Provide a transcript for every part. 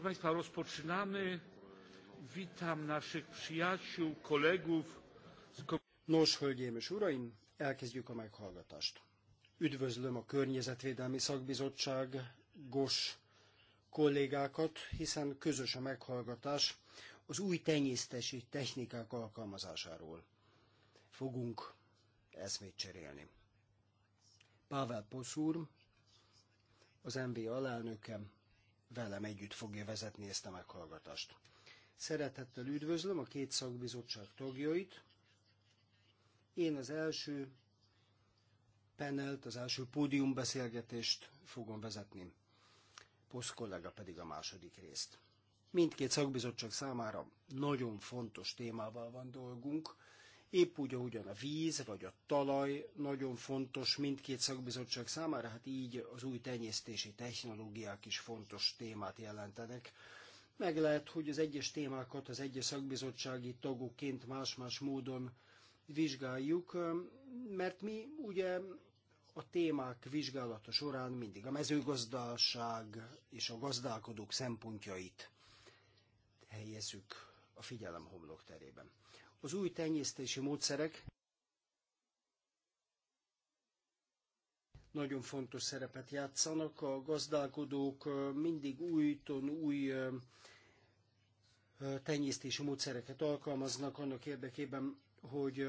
Proszę Państwa, rozpoczynamy. Witam naszych przyjaciół, kolegów. Nos, hölgyeim és uraim, elkezdjük a meghallgatást. Üdvözlöm a Környezetvédelmi Szakbizottság GOS kollégákat, hiszen közös a meghallgatás az új tenyésztési technikák alkalmazásáról. Fogunk eszmét cserélni. Pável Poszúr, az MB alelnöke, velem együtt fogja vezetni ezt a meghallgatást. Szeretettel üdvözlöm a két szakbizottság tagjait. Én az első panelt, az első pódiumbeszélgetést fogom vezetni. Posz kollega pedig a második részt. Mindkét szakbizottság számára nagyon fontos témával van dolgunk, Épp úgy, ahogyan a víz vagy a talaj nagyon fontos mindkét szakbizottság számára, hát így az új tenyésztési technológiák is fontos témát jelentenek. Meg lehet, hogy az egyes témákat az egyes szakbizottsági tagokként más-más módon vizsgáljuk, mert mi ugye a témák vizsgálata során mindig a mezőgazdaság és a gazdálkodók szempontjait helyezzük a figyelem homlok terében. Az új tenyésztési módszerek nagyon fontos szerepet játszanak. A gazdálkodók mindig ton, új tenyésztési módszereket alkalmaznak annak érdekében, hogy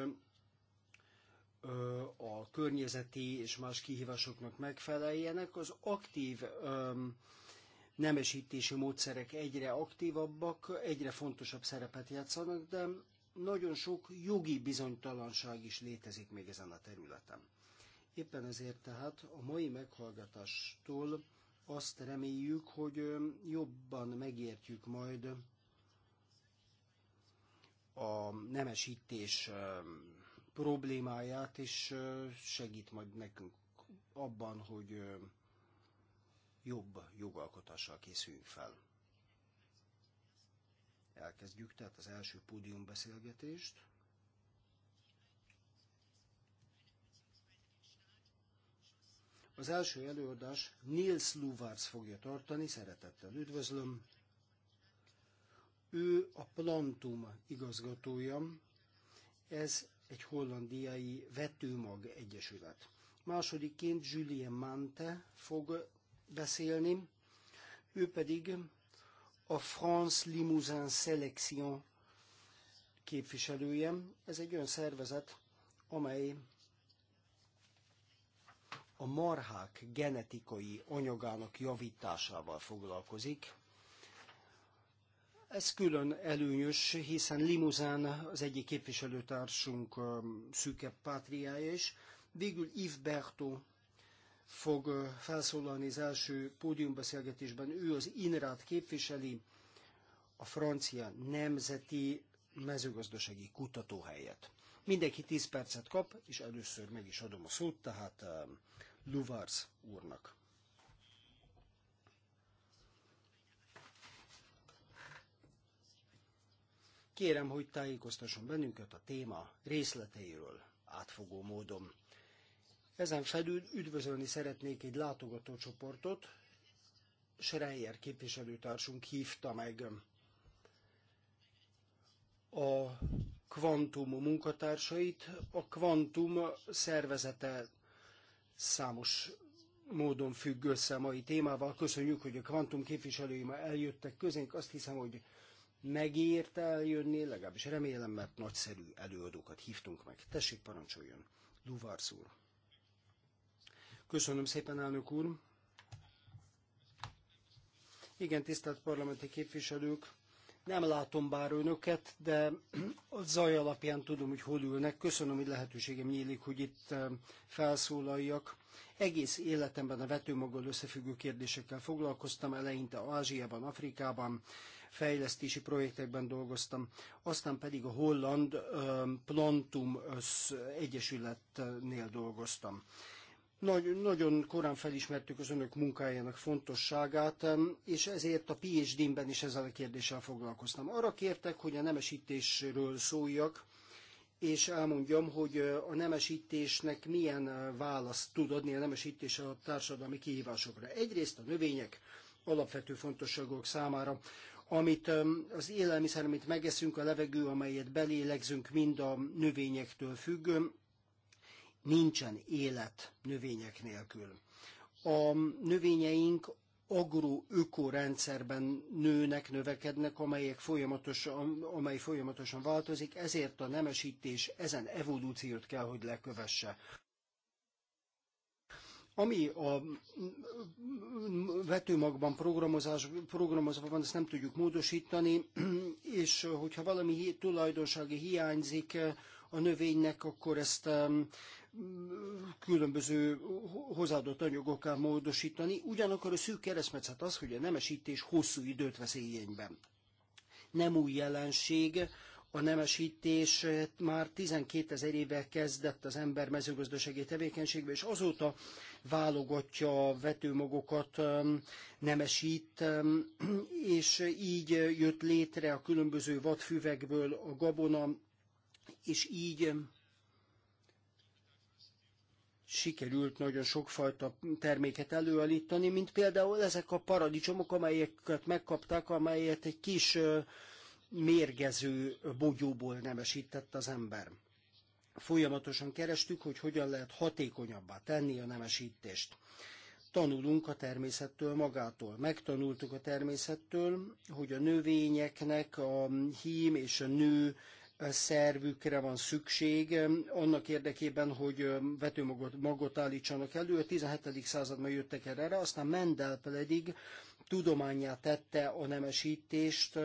a környezeti és más kihívásoknak megfeleljenek. Az aktív nemesítési módszerek egyre aktívabbak, egyre fontosabb szerepet játszanak, de nagyon sok jogi bizonytalanság is létezik még ezen a területen. Éppen ezért tehát a mai meghallgatástól azt reméljük, hogy jobban megértjük majd a nemesítés problémáját, és segít majd nekünk abban, hogy jobb jogalkotással készüljünk fel. Elkezdjük tehát az első beszélgetést. Az első előadás Nils Luvárs fogja tartani, szeretettel üdvözlöm. Ő a Plantum igazgatója, ez egy hollandiai vetőmag egyesület. Másodikként Julien Mante fog beszélni, ő pedig a France Limousin Selection képviselője. Ez egy olyan szervezet, amely a marhák genetikai anyagának javításával foglalkozik. Ez külön előnyös, hiszen Limuzán az egyik képviselőtársunk szűkebb pátriája is. Végül Yves Berthaud fog felszólalni az első pódiumbeszélgetésben. Ő az INRÁT képviseli, a francia nemzeti mezőgazdasági kutatóhelyet. Mindenki 10 percet kap, és először meg is adom a szót, tehát um, Luvars úrnak. Kérem, hogy tájékoztasson bennünket a téma részleteiről átfogó módon. Ezen felül üdvözölni szeretnék egy látogatócsoportot, Schreier képviselőtársunk hívta meg a Quantum munkatársait. A Quantum szervezete számos módon függ össze a mai témával. Köszönjük, hogy a Quantum képviselői ma eljöttek közénk. Azt hiszem, hogy megérte eljönni, legalábbis remélem, mert nagyszerű előadókat hívtunk meg. Tessék, parancsoljon! Luvarsz úr! Köszönöm szépen, elnök úr. Igen, tisztelt parlamenti képviselők, nem látom bár önöket, de a zaj alapján tudom, hogy hol ülnek. Köszönöm, hogy lehetőségem nyílik, hogy itt eh, felszólaljak. Egész életemben a vetőmaggal összefüggő kérdésekkel foglalkoztam, eleinte Ázsiában, Afrikában, fejlesztési projektekben dolgoztam, aztán pedig a Holland eh, Plantum eh, Egyesületnél dolgoztam. Nagy, nagyon korán felismertük az önök munkájának fontosságát, és ezért a PhD-ben is ezzel a kérdéssel foglalkoztam. Arra kértek, hogy a nemesítésről szóljak, és elmondjam, hogy a nemesítésnek milyen választ tud adni a nemesítés a társadalmi kihívásokra. Egyrészt a növények alapvető fontosságok számára, amit az élelmiszer, amit megeszünk, a levegő, amelyet belélegzünk, mind a növényektől függ, nincsen élet növények nélkül. A növényeink rendszerben nőnek, növekednek, amelyek folyamatosan, amely folyamatosan változik, ezért a nemesítés ezen evolúciót kell, hogy lekövesse. Ami a vetőmagban programozás, programozva van, ezt nem tudjuk módosítani, és hogyha valami tulajdonsági hiányzik a növénynek, akkor ezt különböző hozzáadott anyagokkal módosítani, ugyanakkor a szűk keresztmetszet az, hogy a nemesítés hosszú időt vesz igényben. Nem új jelenség, a nemesítés már 12 ezer éve kezdett az ember mezőgazdasági tevékenységbe, és azóta válogatja a vetőmagokat, um, nemesít, um, és így jött létre a különböző vadfüvekből a gabona, és így sikerült nagyon sokfajta terméket előállítani, mint például ezek a paradicsomok, amelyeket megkapták, amelyet egy kis mérgező bogyóból nemesített az ember. Folyamatosan kerestük, hogy hogyan lehet hatékonyabbá tenni a nemesítést. Tanulunk a természettől magától. Megtanultuk a természettől, hogy a növényeknek a hím és a nő szervükre van szükség, annak érdekében, hogy vetőmagot magot állítsanak elő. A 17. században jöttek erre, aztán Mendel pedig tudományát tette a nemesítést,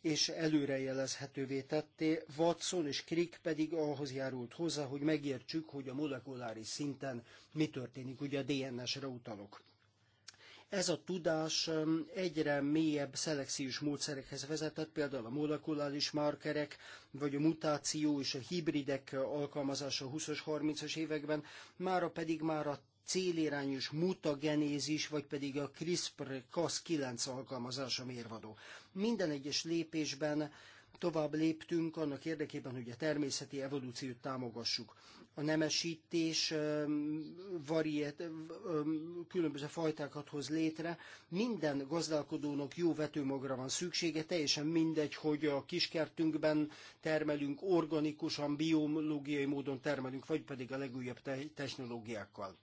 és előrejelezhetővé tette Watson és Crick pedig ahhoz járult hozzá, hogy megértsük, hogy a molekuláris szinten mi történik, ugye a DNS-re utalok. Ez a tudás egyre mélyebb szelekciós módszerekhez vezetett, például a molekuláris markerek, vagy a mutáció és a hibridek alkalmazása a 20-as, 30-as években, mára pedig már a célirányos mutagenézis, vagy pedig a CRISPR-Cas9 alkalmazása mérvadó. Minden egyes lépésben tovább léptünk annak érdekében, hogy a természeti evolúciót támogassuk. A nemesítés variet, különböző fajtákat hoz létre. Minden gazdálkodónak jó vetőmagra van szüksége, teljesen mindegy, hogy a kiskertünkben termelünk organikusan, biológiai módon termelünk, vagy pedig a legújabb technológiákkal.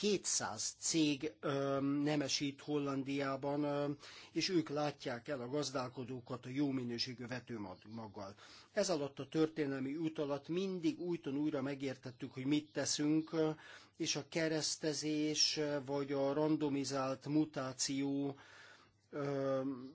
200 cég ö, nemesít Hollandiában, ö, és ők látják el a gazdálkodókat a jó minőségű vetőmaggal. Ez alatt a történelmi út alatt mindig újton újra megértettük, hogy mit teszünk, és a keresztezés vagy a randomizált mutáció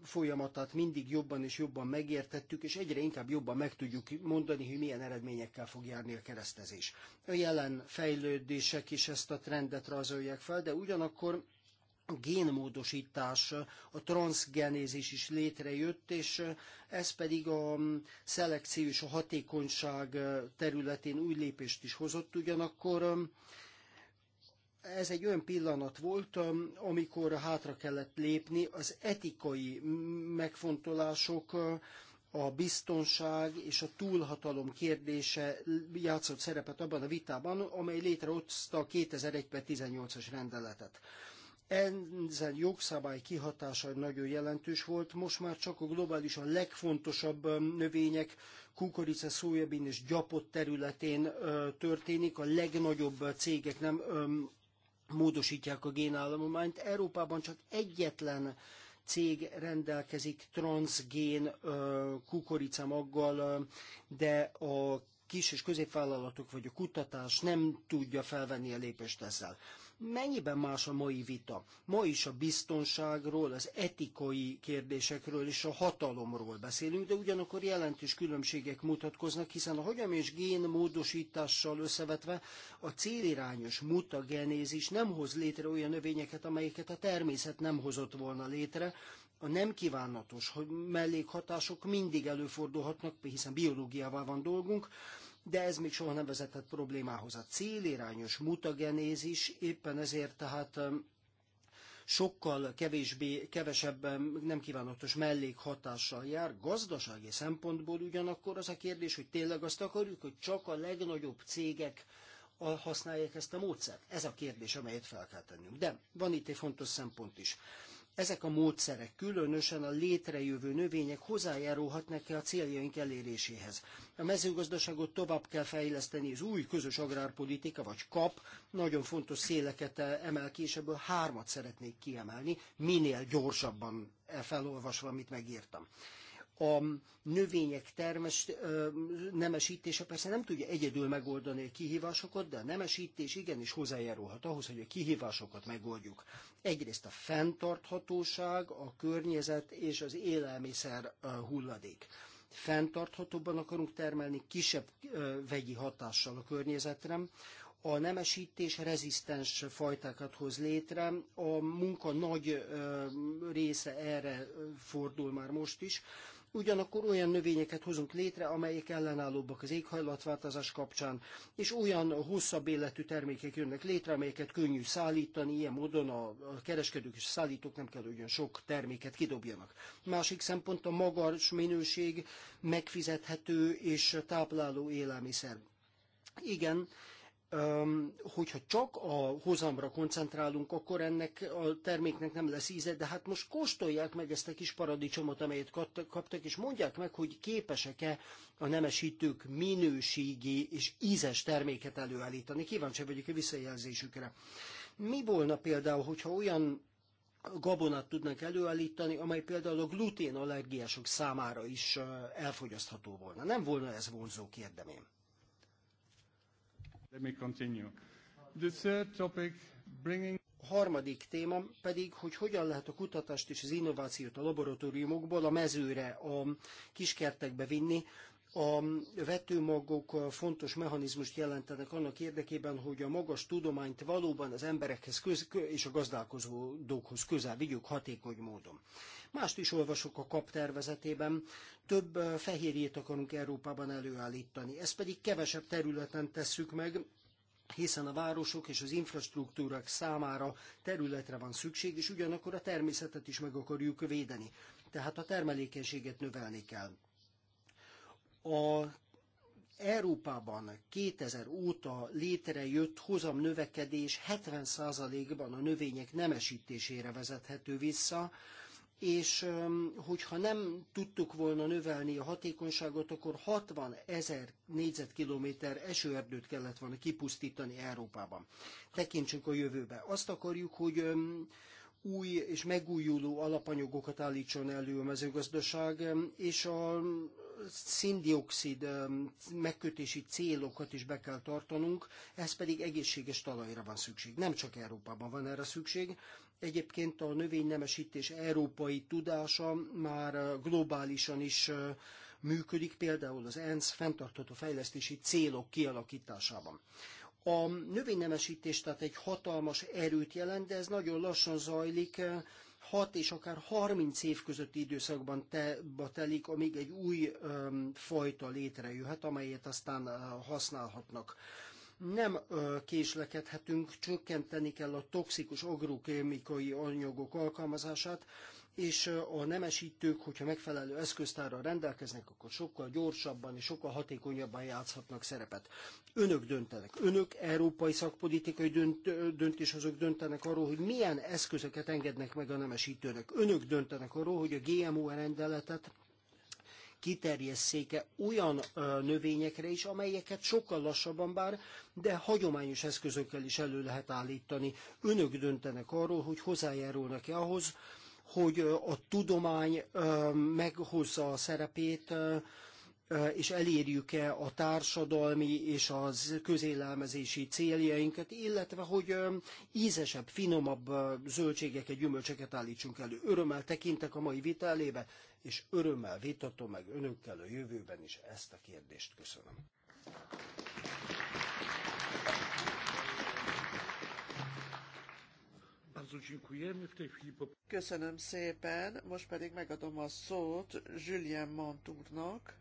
folyamatát mindig jobban és jobban megértettük, és egyre inkább jobban meg tudjuk mondani, hogy milyen eredményekkel fog járni a keresztezés. A jelen fejlődések is ezt a trendet rajzolják fel, de ugyanakkor a génmódosítás, a transzgenézis is létrejött, és ez pedig a szelekció és a hatékonyság területén új lépést is hozott, ugyanakkor ez egy olyan pillanat volt, um, amikor hátra kellett lépni az etikai megfontolások, uh, a biztonság és a túlhatalom kérdése játszott szerepet abban a vitában, amely létrehozta a 2001-18-as rendeletet. Ezen jogszabály kihatása nagyon jelentős volt, most már csak a globálisan legfontosabb um, növények, kukorica, szójabin és gyapot területén uh, történik, a legnagyobb cégek nem um, módosítják a génállományt. Európában csak egyetlen cég rendelkezik transgén kukoricamaggal, de a kis és középvállalatok vagy a kutatás nem tudja felvenni a lépést ezzel. Mennyiben más a mai vita? Ma is a biztonságról, az etikai kérdésekről és a hatalomról beszélünk, de ugyanakkor jelentős különbségek mutatkoznak, hiszen a hagyom és gén módosítással összevetve a célirányos mutagenézis nem hoz létre olyan növényeket, amelyeket a természet nem hozott volna létre, a nem kívánatos hogy mellékhatások mindig előfordulhatnak, hiszen biológiával van dolgunk, de ez még soha nem vezetett problémához. A célirányos mutagenézis éppen ezért tehát um, sokkal kevésbé, kevesebb um, nem kívánatos mellékhatással jár. Gazdasági szempontból ugyanakkor az a kérdés, hogy tényleg azt akarjuk, hogy csak a legnagyobb cégek használják ezt a módszert? Ez a kérdés, amelyet fel kell tennünk. De van itt egy fontos szempont is. Ezek a módszerek, különösen a létrejövő növények hozzájárulhatnak -e a céljaink eléréséhez. A mezőgazdaságot tovább kell fejleszteni, az új közös agrárpolitika, vagy KAP, nagyon fontos széleket e- emel ki, és ebből hármat szeretnék kiemelni, minél gyorsabban e- felolvasva, amit megírtam a növények termes, nemesítése persze nem tudja egyedül megoldani a kihívásokat, de a nemesítés igenis hozzájárulhat ahhoz, hogy a kihívásokat megoldjuk. Egyrészt a fenntarthatóság, a környezet és az élelmiszer hulladék fenntarthatóbban akarunk termelni, kisebb vegyi hatással a környezetre. A nemesítés rezisztens fajtákat hoz létre, a munka nagy része erre fordul már most is, ugyanakkor olyan növényeket hozunk létre, amelyek ellenállóbbak az éghajlatváltozás kapcsán, és olyan hosszabb életű termékek jönnek létre, amelyeket könnyű szállítani, ilyen módon a kereskedők és a szállítók nem kell, hogy olyan sok terméket kidobjanak. Másik szempont a magas minőség, megfizethető és tápláló élelmiszer. Igen, hogyha csak a hozamra koncentrálunk, akkor ennek a terméknek nem lesz íze, de hát most kóstolják meg ezt a kis paradicsomot, amelyet kaptak, és mondják meg, hogy képesek-e a nemesítők minőségi és ízes terméket előállítani. Kíváncsi vagyok a visszajelzésükre. Mi volna például, hogyha olyan gabonát tudnak előállítani, amely például a gluténallergiások számára is elfogyasztható volna. Nem volna ez vonzó, kérdemém. A harmadik téma pedig, hogy hogyan lehet a kutatást és az innovációt a laboratóriumokból a mezőre, a kiskertekbe vinni a vetőmagok fontos mechanizmust jelentenek annak érdekében, hogy a magas tudományt valóban az emberekhez köz, és a gazdálkodókhoz közel vigyük hatékony módon. Mást is olvasok a KAP tervezetében, több fehérjét akarunk Európában előállítani, ezt pedig kevesebb területen tesszük meg, hiszen a városok és az infrastruktúrák számára területre van szükség, és ugyanakkor a természetet is meg akarjuk védeni. Tehát a termelékenységet növelni kell. A Európában 2000 óta létrejött hozam növekedés 70%-ban a növények nemesítésére vezethető vissza, és hogyha nem tudtuk volna növelni a hatékonyságot, akkor 60 ezer négyzetkilométer esőerdőt kellett volna kipusztítani Európában. Tekintsünk a jövőbe. Azt akarjuk, hogy új és megújuló alapanyagokat állítson elő a mezőgazdaság, és a szindioxid megkötési célokat is be kell tartanunk, ez pedig egészséges talajra van szükség. Nem csak Európában van erre szükség. Egyébként a növénynemesítés európai tudása már globálisan is működik, például az ENSZ fenntartható fejlesztési célok kialakításában. A növénynemesítés tehát egy hatalmas erőt jelent, de ez nagyon lassan zajlik, 6 és akár 30 év közötti időszakban te, telik, amíg egy új um, fajta létrejöhet, amelyet aztán használhatnak. Nem ö, késlekedhetünk, csökkenteni kell a toxikus agrokémikai anyagok alkalmazását, és a nemesítők, hogyha megfelelő eszköztárral rendelkeznek, akkor sokkal gyorsabban és sokkal hatékonyabban játszhatnak szerepet. Önök döntenek. Önök, európai szakpolitikai dönt, döntéshozók döntenek arról, hogy milyen eszközöket engednek meg a nemesítőnek. Önök döntenek arról, hogy a GMO rendeletet kiterjeszti-e olyan növényekre is, amelyeket sokkal lassabban bár, de hagyományos eszközökkel is elő lehet állítani. Önök döntenek arról, hogy hozzájárulnak-e ahhoz, hogy a tudomány meghozza a szerepét, és elérjük-e a társadalmi és az közélelmezési céljainkat, illetve hogy ízesebb, finomabb zöldségeket, gyümölcsöket állítsunk elő. Örömmel tekintek a mai vita elébe, és örömmel vitatom meg önökkel a jövőben is ezt a kérdést. Köszönöm. Köszönöm szépen, most pedig megadom a szót Julien Montournak.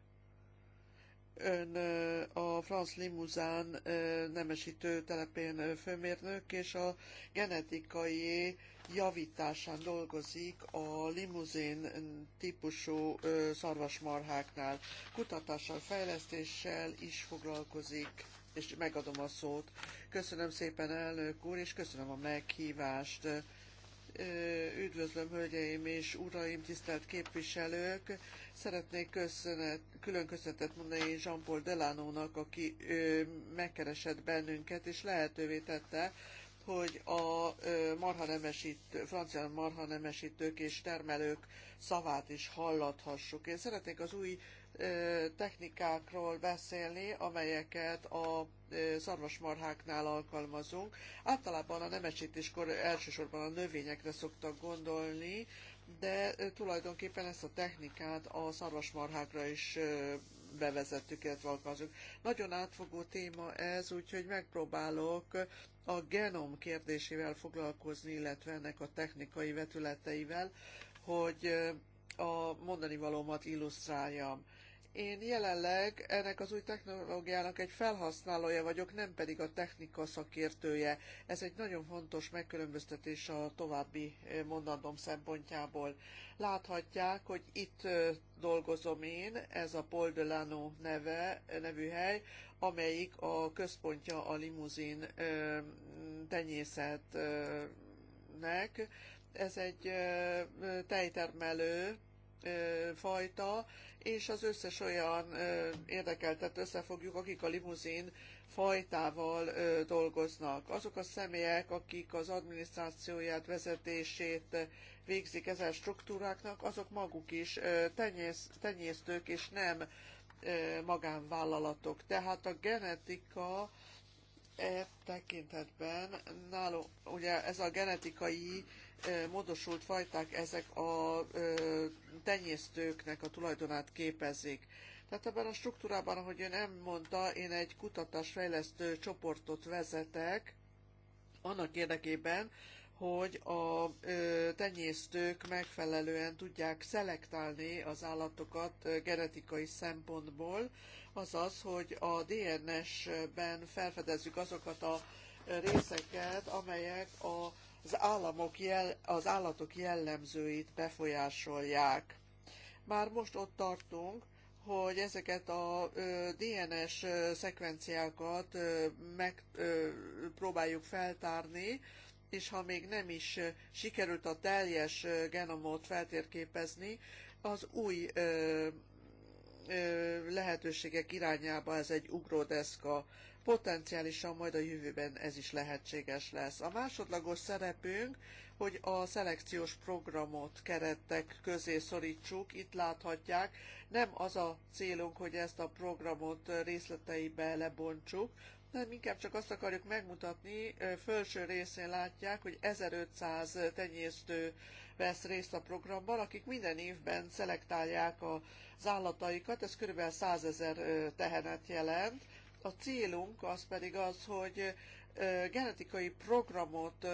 Ön a France Limousin nemesítő telepén főmérnök, és a genetikai javításán dolgozik a limuzin típusú szarvasmarháknál. Kutatással, fejlesztéssel is foglalkozik és megadom a szót. Köszönöm szépen, elnök úr, és köszönöm a meghívást. Üdvözlöm, hölgyeim és uraim, tisztelt képviselők! Szeretnék köszönet, külön köszönetet mondani Jean-Paul Delánónak, aki ő, megkeresett bennünket, és lehetővé tette, hogy a marhanemesítő, francia nemesítők és termelők szavát is hallathassuk. Én szeretnék az új technikákról beszélni, amelyeket a szarvasmarháknál alkalmazunk. Általában a nemesítéskor elsősorban a növényekre szoktak gondolni, de tulajdonképpen ezt a technikát a szarvasmarhákra is bevezettük, illetve alkalmazunk. Nagyon átfogó téma ez, úgyhogy megpróbálok a genom kérdésével foglalkozni, illetve ennek a technikai vetületeivel, hogy a mondani valómat illusztráljam. Én jelenleg ennek az új technológiának egy felhasználója vagyok, nem pedig a technika szakértője. Ez egy nagyon fontos megkülönböztetés a további eh, mondandom szempontjából. Láthatják, hogy itt eh, dolgozom én, ez a Paul Delano neve, eh, nevű hely, amelyik a központja a limuzin tenyészetnek. Ez egy tejtermelő fajta, és az összes olyan érdekeltet összefogjuk, akik a limuzin fajtával dolgoznak. Azok a személyek, akik az adminisztrációját, vezetését végzik ezen struktúráknak, azok maguk is tenyész, tenyésztők és nem magánvállalatok. Tehát a genetika e tekintetben nálunk, ugye ez a genetikai módosult fajták ezek a tenyésztőknek a tulajdonát képezik. Tehát ebben a struktúrában, ahogy ön elmondta, én egy kutatásfejlesztő csoportot vezetek, annak érdekében, hogy a tenyésztők megfelelően tudják szelektálni az állatokat genetikai szempontból, azaz, hogy a DNS-ben felfedezzük azokat a részeket, amelyek a az, államok jel, az állatok jellemzőit befolyásolják. Már most ott tartunk, hogy ezeket a ö, DNS szekvenciákat ö, meg ö, próbáljuk feltárni, és ha még nem is sikerült a teljes genomot feltérképezni, az új ö, ö, lehetőségek irányába ez egy ugródeszka potenciálisan majd a jövőben ez is lehetséges lesz. A másodlagos szerepünk, hogy a szelekciós programot keretek közé szorítsuk, itt láthatják, nem az a célunk, hogy ezt a programot részleteibe lebontsuk, nem, inkább csak azt akarjuk megmutatni, felső részén látják, hogy 1500 tenyésztő vesz részt a programban, akik minden évben szelektálják az állataikat, ez kb. 100 ezer tehenet jelent, a célunk az pedig az, hogy genetikai programot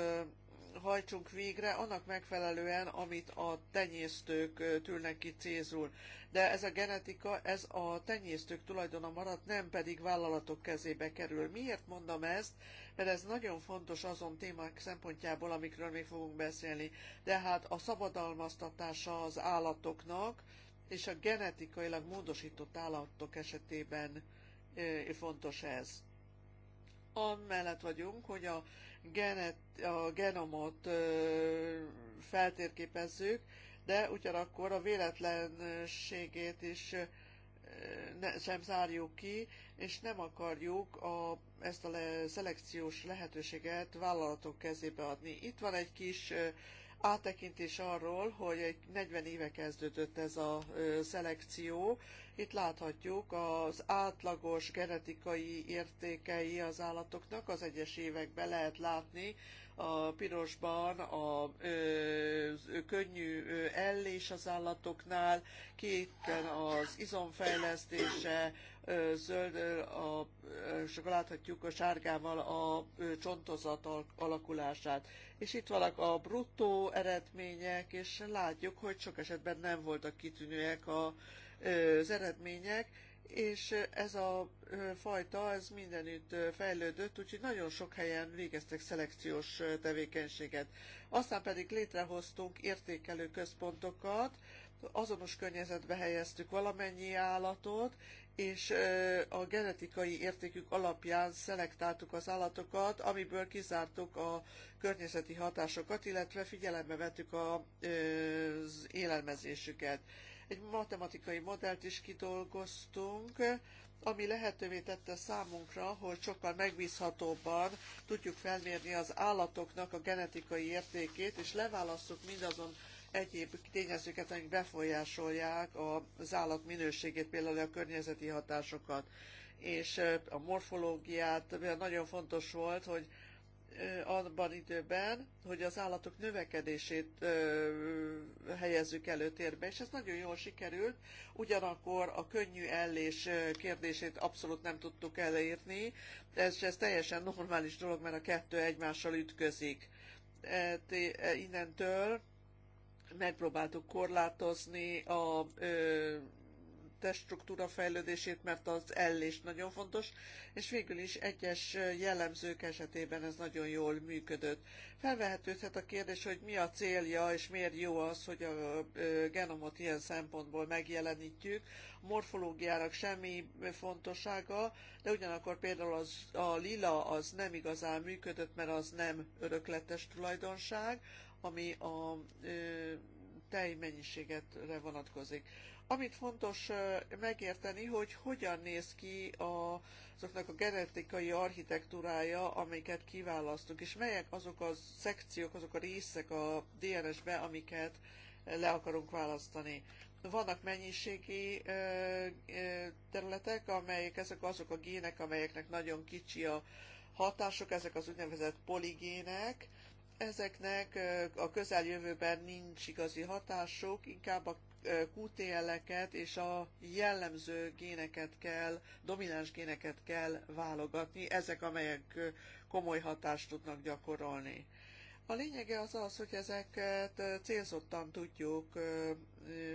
hajtsunk végre annak megfelelően, amit a tenyésztők tűrnek ki cézul. De ez a genetika, ez a tenyésztők tulajdona marad, nem pedig vállalatok kezébe kerül. Miért mondom ezt? Mert ez nagyon fontos azon témák szempontjából, amikről még fogunk beszélni. De hát a szabadalmaztatása az állatoknak, és a genetikailag módosított állatok esetében fontos ez. Amellett vagyunk, hogy a, genet, a genomot feltérképezzük, de ugyanakkor a véletlenségét is ne, sem zárjuk ki, és nem akarjuk a, ezt a le, szelekciós lehetőséget vállalatok kezébe adni. Itt van egy kis áttekintés arról, hogy 40 éve kezdődött ez a szelekció. Itt láthatjuk az átlagos genetikai értékei az állatoknak az egyes években lehet látni a pirosban a ö, könnyű ellés az állatoknál, kéten az izomfejlesztése, zöld, a, és akkor láthatjuk a sárgával a csontozat alakulását. És itt vannak a bruttó eredmények, és látjuk, hogy sok esetben nem voltak kitűnőek a, az eredmények, és ez a fajta, ez mindenütt fejlődött, úgyhogy nagyon sok helyen végeztek szelekciós tevékenységet. Aztán pedig létrehoztunk értékelő központokat, azonos környezetbe helyeztük valamennyi állatot, és a genetikai értékük alapján szelektáltuk az állatokat, amiből kizártuk a környezeti hatásokat, illetve figyelembe vettük az élelmezésüket. Egy matematikai modellt is kidolgoztunk, ami lehetővé tette számunkra, hogy sokkal megbízhatóbban tudjuk felmérni az állatoknak a genetikai értékét, és leválasztjuk mindazon egyéb tényezőket, amik befolyásolják az állat minőségét, például a környezeti hatásokat és a morfológiát. Nagyon fontos volt, hogy abban időben, hogy az állatok növekedését ö, helyezzük előtérbe, és ez nagyon jól sikerült. Ugyanakkor a könnyű ellés kérdését abszolút nem tudtuk elérni, ez, ez teljesen normális dolog, mert a kettő egymással ütközik. E, e innentől megpróbáltuk korlátozni a ö, teststruktúra fejlődését, mert az ellés nagyon fontos, és végül is egyes jellemzők esetében ez nagyon jól működött. Felvehetődhet a kérdés, hogy mi a célja, és miért jó az, hogy a genomot ilyen szempontból megjelenítjük. A morfológiának semmi fontossága, de ugyanakkor például az, a lila az nem igazán működött, mert az nem örökletes tulajdonság, ami a mennyiséget vonatkozik. Amit fontos megérteni, hogy hogyan néz ki a, azoknak a genetikai architektúrája, amiket kiválasztunk, és melyek azok a szekciók, azok a részek a DNS-be, amiket le akarunk választani. Vannak mennyiségi területek, amelyek ezek azok a gének, amelyeknek nagyon kicsi a hatások, ezek az úgynevezett poligének, Ezeknek a közeljövőben nincs igazi hatásuk, inkább a QTL-eket és a jellemző géneket kell, domináns géneket kell válogatni, ezek amelyek komoly hatást tudnak gyakorolni. A lényege az az, hogy ezeket célzottan tudjuk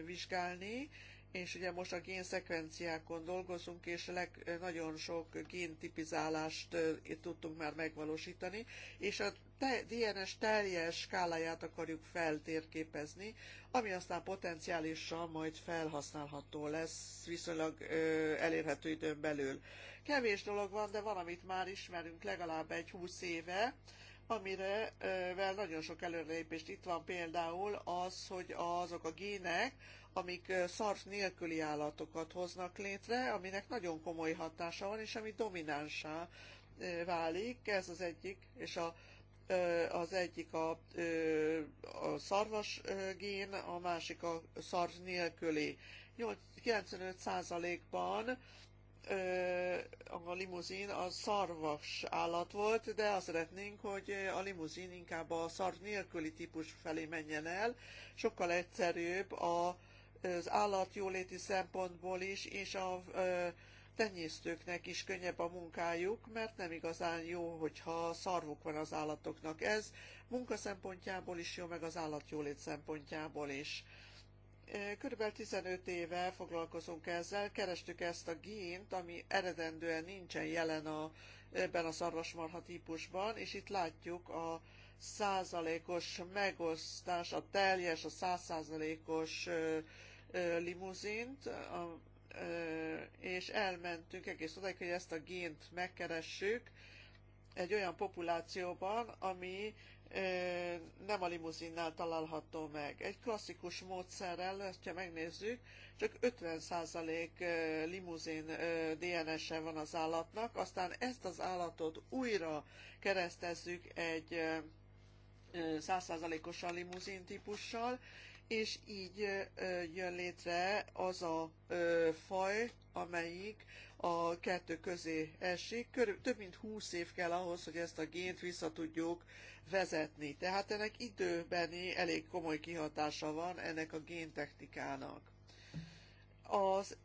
vizsgálni, és ugye most a génszekvenciákon dolgozunk, és leg, nagyon sok géntipizálást tudtunk már megvalósítani, és a te, DNS teljes skáláját akarjuk feltérképezni, ami aztán potenciálisan majd felhasználható lesz viszonylag ö, elérhető időn belül. Kevés dolog van, de van, amit már ismerünk legalább egy 20 éve, amire vel nagyon sok előrelépést itt van például az, hogy azok a gének, amik szarf nélküli állatokat hoznak létre, aminek nagyon komoly hatása van, és ami dominánsá válik, ez az egyik, és a az egyik a, a szarvas gén, a másik a szarv nélküli. 95%-ban a limuzin a szarvas állat volt, de azt szeretnénk, hogy a limuzin inkább a szarv nélküli típus felé menjen el. Sokkal egyszerűbb a, az állatjóléti szempontból is, és a, a tenyésztőknek is könnyebb a munkájuk, mert nem igazán jó, hogyha szarvuk van az állatoknak. Ez munka szempontjából is jó, meg az állatjólét szempontjából is. Körülbelül 15 éve foglalkozunk ezzel, kerestük ezt a gént, ami eredendően nincsen jelen a, ebben a szarvasmarha típusban, és itt látjuk a százalékos megosztás, a teljes, a százszázalékos limuzint, és elmentünk egész odáig, hogy ezt a gént megkeressük egy olyan populációban, ami nem a limuzinnál található meg. Egy klasszikus módszerrel, ezt ha megnézzük, csak 50% limuzin DNS-e van az állatnak, aztán ezt az állatot újra keresztezzük egy 100%-osan limuzin típussal, és így jön létre az a faj, amelyik a kettő közé esik. Körül, több mint 20 év kell ahhoz, hogy ezt a gént vissza tudjuk vezetni. Tehát ennek időbeni elég komoly kihatása van ennek a géntechnikának. Az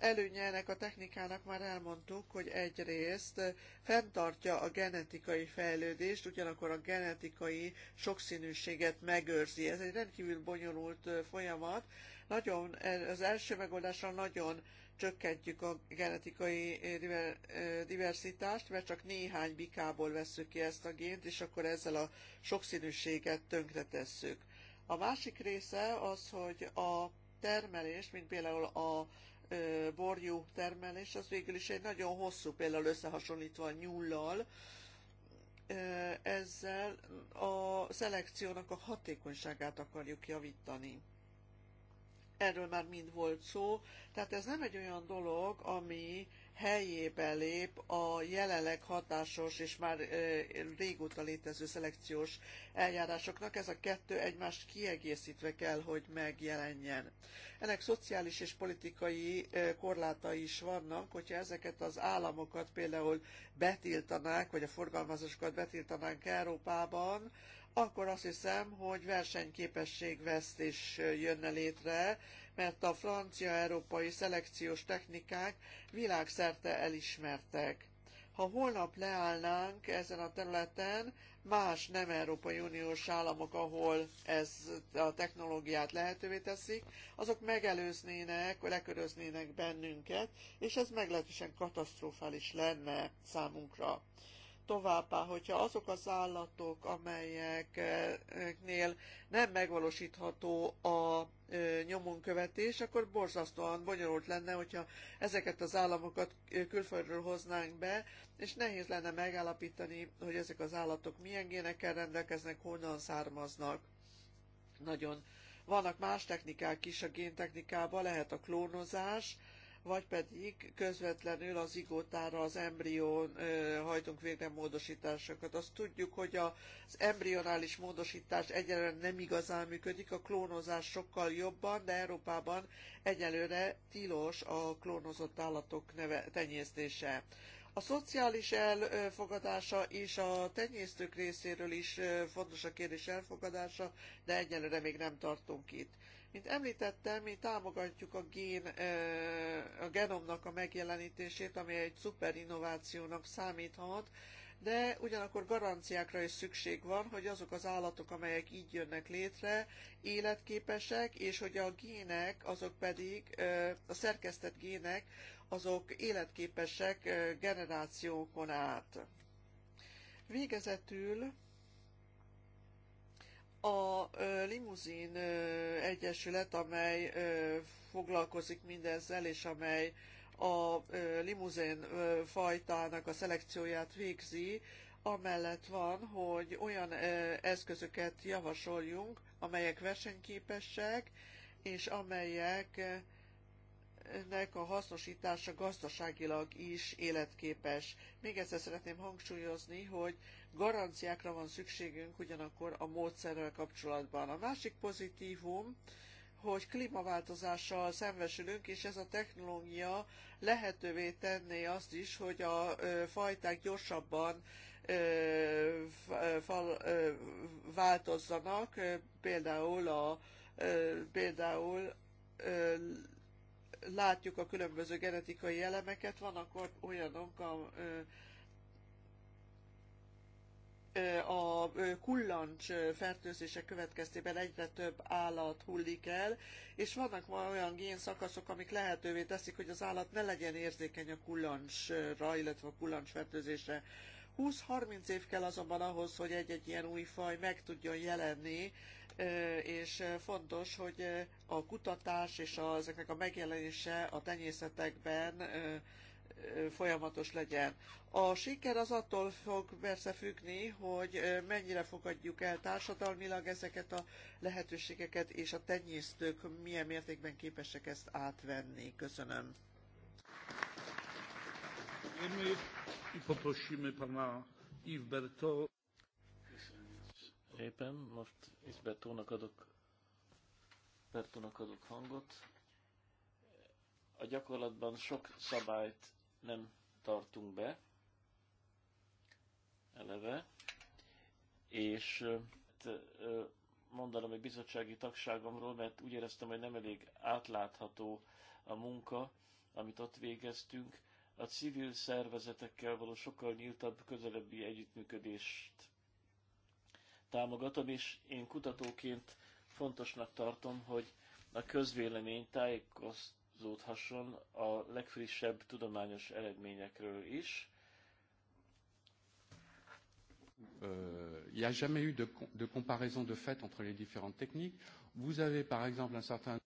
előnye ennek a technikának már elmondtuk, hogy egyrészt fenntartja a genetikai fejlődést, ugyanakkor a genetikai sokszínűséget megőrzi. Ez egy rendkívül bonyolult folyamat. Nagyon, az első megoldásra nagyon csökkentjük a genetikai diversitást, mert csak néhány bikából veszük ki ezt a gént, és akkor ezzel a sokszínűséget tönkretesszük. A másik része az, hogy a termelés, mint például a borjú termelés, az végül is egy nagyon hosszú, például összehasonlítva a nyullal, ezzel a szelekciónak a hatékonyságát akarjuk javítani. Erről már mind volt szó, tehát ez nem egy olyan dolog, ami helyébe lép a jelenleg hatásos és már régóta létező szelekciós eljárásoknak. Ez a kettő egymást kiegészítve kell, hogy megjelenjen. Ennek szociális és politikai korlátai is vannak, hogyha ezeket az államokat például betiltanák, vagy a forgalmazásokat betiltanánk Európában, akkor azt hiszem, hogy versenyképességvesztés jönne létre, mert a francia-európai szelekciós technikák világszerte elismertek. Ha holnap leállnánk ezen a területen, más nem Európai Uniós államok, ahol ez a technológiát lehetővé teszik, azok megelőznének, leköröznének bennünket, és ez meglehetősen katasztrofális lenne számunkra. Továbbá, hogyha azok az állatok, amelyeknél nem megvalósítható a követés, akkor borzasztóan bonyolult lenne, hogyha ezeket az államokat külföldről hoznánk be, és nehéz lenne megállapítani, hogy ezek az állatok milyen génekkel rendelkeznek, honnan származnak. Nagyon vannak más technikák is a géntechnikában, lehet a klónozás, vagy pedig közvetlenül az igótára, az embrión hajtunk végre módosításokat. Azt tudjuk, hogy az embrionális módosítás egyelőre nem igazán működik, a klónozás sokkal jobban, de Európában egyelőre tilos a klónozott állatok neve, tenyésztése. A szociális elfogadása és a tenyésztők részéről is fontos a kérdés elfogadása, de egyelőre még nem tartunk itt. Mint említettem, mi támogatjuk a, gén, a genomnak a megjelenítését, ami egy szuper innovációnak számíthat, de ugyanakkor garanciákra is szükség van, hogy azok az állatok, amelyek így jönnek létre, életképesek, és hogy a gének, azok pedig, a szerkesztett gének, azok életképesek generációkon át. Végezetül a limuzin egyesület, amely foglalkozik mindezzel, és amely a limuzin fajtának a szelekcióját végzi, amellett van, hogy olyan eszközöket javasoljunk, amelyek versenyképesek, és amelyek amelyeknek a hasznosítása gazdaságilag is életképes. Még egyszer szeretném hangsúlyozni, hogy Garanciákra van szükségünk ugyanakkor a módszerrel kapcsolatban. A másik pozitívum, hogy klímaváltozással szembesülünk, és ez a technológia lehetővé tenné azt is, hogy a fajták gyorsabban változzanak, például a például látjuk a különböző genetikai elemeket, vannak olyanok, a, a kullancs fertőzések következtében egyre több állat hullik el, és vannak olyan gén szakaszok, amik lehetővé teszik, hogy az állat ne legyen érzékeny a kullancsra, illetve a kullancs fertőzésre. 20-30 év kell azonban ahhoz, hogy egy-egy ilyen új faj meg tudjon jelenni, és fontos, hogy a kutatás és a, ezeknek a megjelenése a tenyészetekben folyamatos legyen. A siker az attól fog persze függni, hogy mennyire fogadjuk el társadalmilag ezeket a lehetőségeket, és a tenyésztők milyen mértékben képesek ezt átvenni. Köszönöm. Éppen most Isbertónak adok, Bertónak adok hangot a gyakorlatban sok szabályt nem tartunk be eleve, és hát, mondanom egy bizottsági tagságomról, mert úgy éreztem, hogy nem elég átlátható a munka, amit ott végeztünk. A civil szervezetekkel való sokkal nyíltabb, közelebbi együttműködést támogatom, és én kutatóként fontosnak tartom, hogy a közvélemény tájékoz tájékozódhasson a legfrissebb tudományos eredményekről is. Euh, il n'y a jamais eu de, de comparaison de fait entre les différentes techniques. Vous avez par exemple un certain...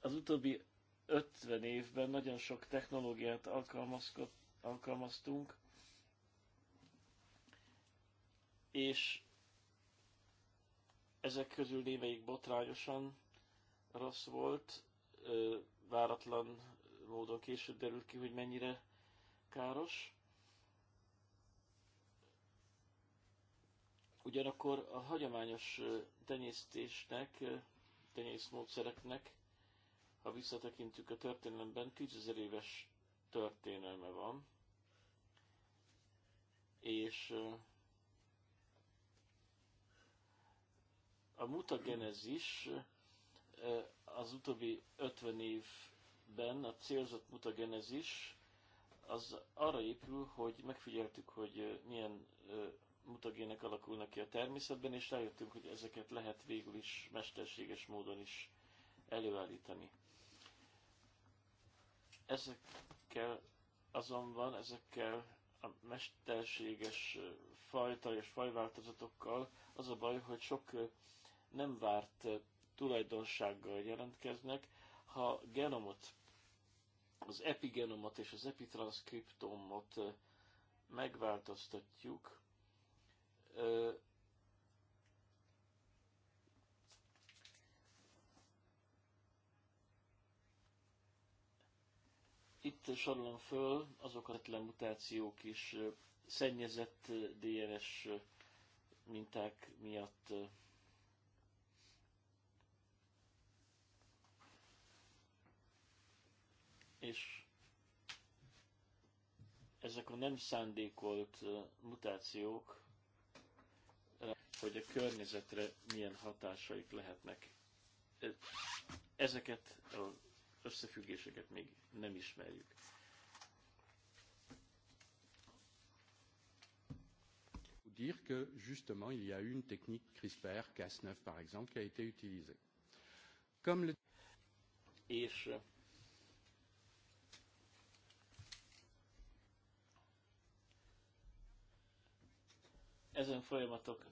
Az utóbbi 50 évben nagyon sok technológiát alkalmaztunk, és ezek közül némelyik botrányosan rossz volt, ö, váratlan módon később derül ki, hogy mennyire káros. Ugyanakkor a hagyományos tenyésztésnek, tenyészmódszereknek, ha visszatekintjük a történelemben, tízezer éves történelme van, és a mutagenezis az utóbbi 50 évben a célzott mutagenezis az arra épül, hogy megfigyeltük, hogy milyen mutagének alakulnak ki a természetben, és rájöttünk, hogy ezeket lehet végül is mesterséges módon is előállítani. Ezekkel azonban, ezekkel a mesterséges fajta és fajváltozatokkal az a baj, hogy sok nem várt tulajdonsággal jelentkeznek. Ha genomot, az epigenomot és az epitranszkriptomot megváltoztatjuk, itt sorolom föl azokat a mutációk is szennyezett DNS minták miatt és ezek a nem szándékolt mutációk, hogy a környezetre milyen hatásaik lehetnek. Ezeket az összefüggéseket még nem ismerjük. dire que justement il y a eu une technique CRISPR-Cas9 par exemple qui a été utilisée. Comme le... És ezen folyamatok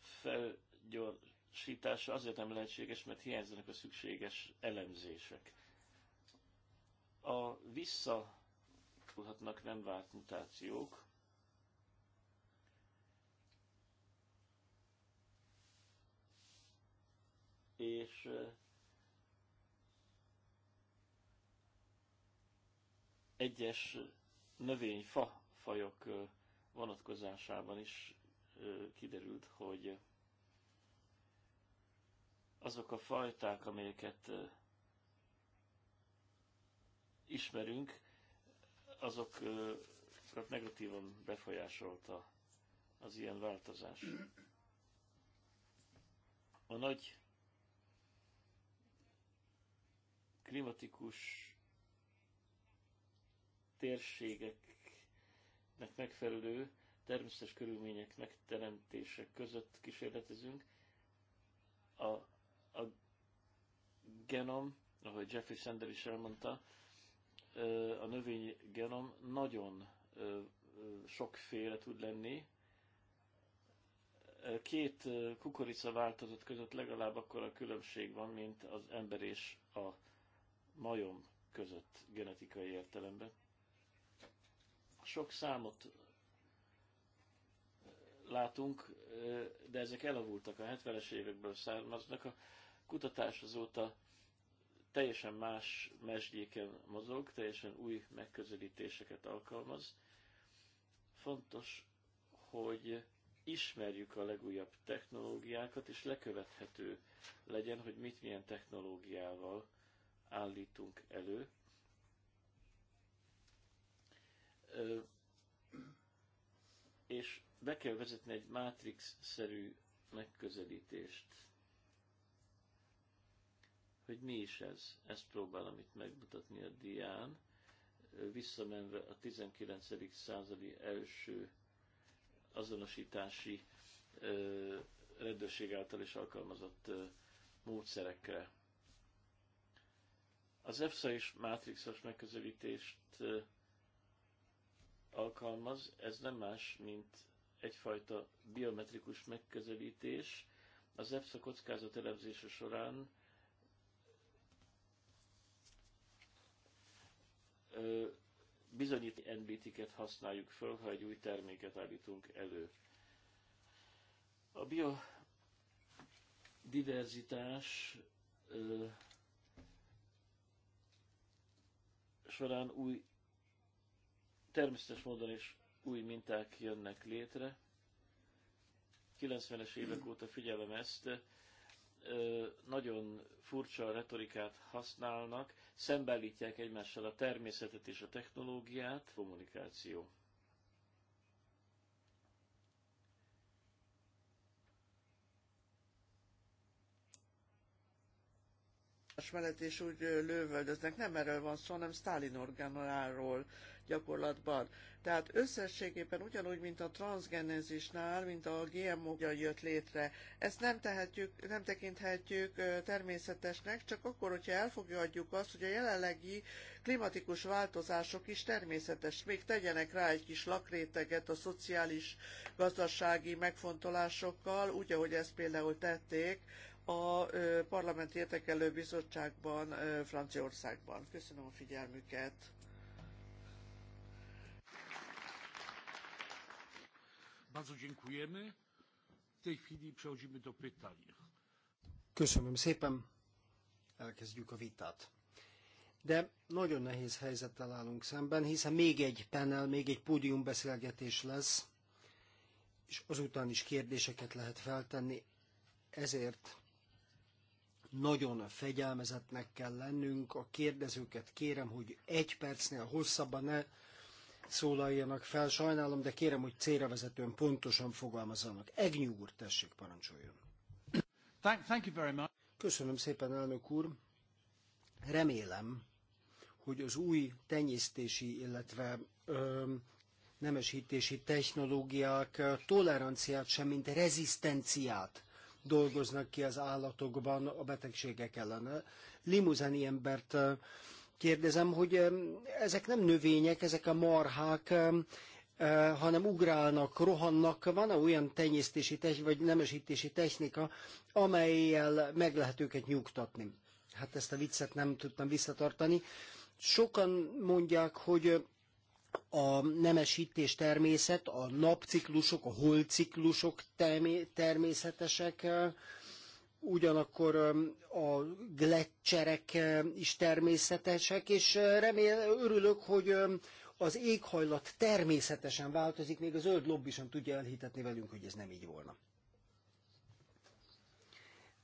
felgyorsítása azért nem lehetséges, mert hiányzanak a szükséges elemzések. A visszatudhatnak nem várt mutációk, és egyes növényfajok fajok vonatkozásában is kiderült, hogy azok a fajták, amelyeket ismerünk, azokat negatívan befolyásolta az ilyen változás. A nagy klimatikus térségek nek megfelelő természetes körülmények megteremtése között kísérletezünk. A, a genom, ahogy Jeffrey Sander is elmondta, a növény genom nagyon sokféle tud lenni. Két kukorica változat között legalább akkor a különbség van, mint az ember és a majom között genetikai értelemben sok számot látunk, de ezek elavultak, a 70-es évekből származnak. A kutatás azóta teljesen más mesdjéken mozog, teljesen új megközelítéseket alkalmaz. Fontos, hogy ismerjük a legújabb technológiákat, és lekövethető legyen, hogy mit milyen technológiával állítunk elő. és be kell vezetni egy mátrix-szerű megközelítést. Hogy mi is ez? Ezt próbálom itt megmutatni a dián. Visszamenve a 19. századi első azonosítási rendőrség által is alkalmazott módszerekre. Az EFSA és mátrixos megközelítést alkalmaz, ez nem más, mint egyfajta biometrikus megközelítés. Az EFSA kockázat elemzése során bizonyít NBT-ket használjuk föl, ha egy új terméket állítunk elő. A biodiverzitás során új Természetes módon is új minták jönnek létre. 90-es évek óta figyelem ezt, nagyon furcsa retorikát használnak, szembeállítják egymással a természetet és a technológiát, kommunikáció egymás mellett, és úgy lövöldöznek. Nem erről van szó, hanem Stalin organáról gyakorlatban. Tehát összességében ugyanúgy, mint a transgenezisnál, mint a gmo ja jött létre. Ezt nem, tehetjük, nem tekinthetjük természetesnek, csak akkor, hogyha elfogadjuk azt, hogy a jelenlegi klimatikus változások is természetes. Még tegyenek rá egy kis lakréteget a szociális, gazdasági megfontolásokkal, úgy, ahogy ezt például tették a Parlamenti Értekelő Bizottságban Franciaországban. Köszönöm a figyelmüket! Bardzo dziękujemy. W tej chwili przechodzimy do pytań. Köszönöm szépen. Elkezdjük a vitát. De nagyon nehéz helyzettel állunk szemben, hiszen még egy panel, még egy pódiumbeszélgetés lesz, és azután is kérdéseket lehet feltenni. Ezért nagyon fegyelmezetnek kell lennünk. A kérdezőket kérem, hogy egy percnél hosszabban ne szólaljanak fel. Sajnálom, de kérem, hogy célra vezetően pontosan fogalmazzanak. Egnyú úr, tessék, parancsoljon. Köszönöm szépen, elnök úr. Remélem, hogy az új tenyésztési, illetve ö, nemesítési technológiák toleranciát, semmint rezisztenciát dolgoznak ki az állatokban a betegségek ellen. Limuzeni embert kérdezem, hogy ezek nem növények, ezek a marhák, hanem ugrálnak, rohannak. Van-e olyan tenyésztési vagy nemesítési technika, amelyel meg lehet őket nyugtatni? Hát ezt a viccet nem tudtam visszatartani. Sokan mondják, hogy a nemesítés természet, a napciklusok, a holciklusok természetesek, ugyanakkor a gletcserek is természetesek, és remél, örülök, hogy az éghajlat természetesen változik, még a zöld lobby sem tudja elhitetni velünk, hogy ez nem így volna.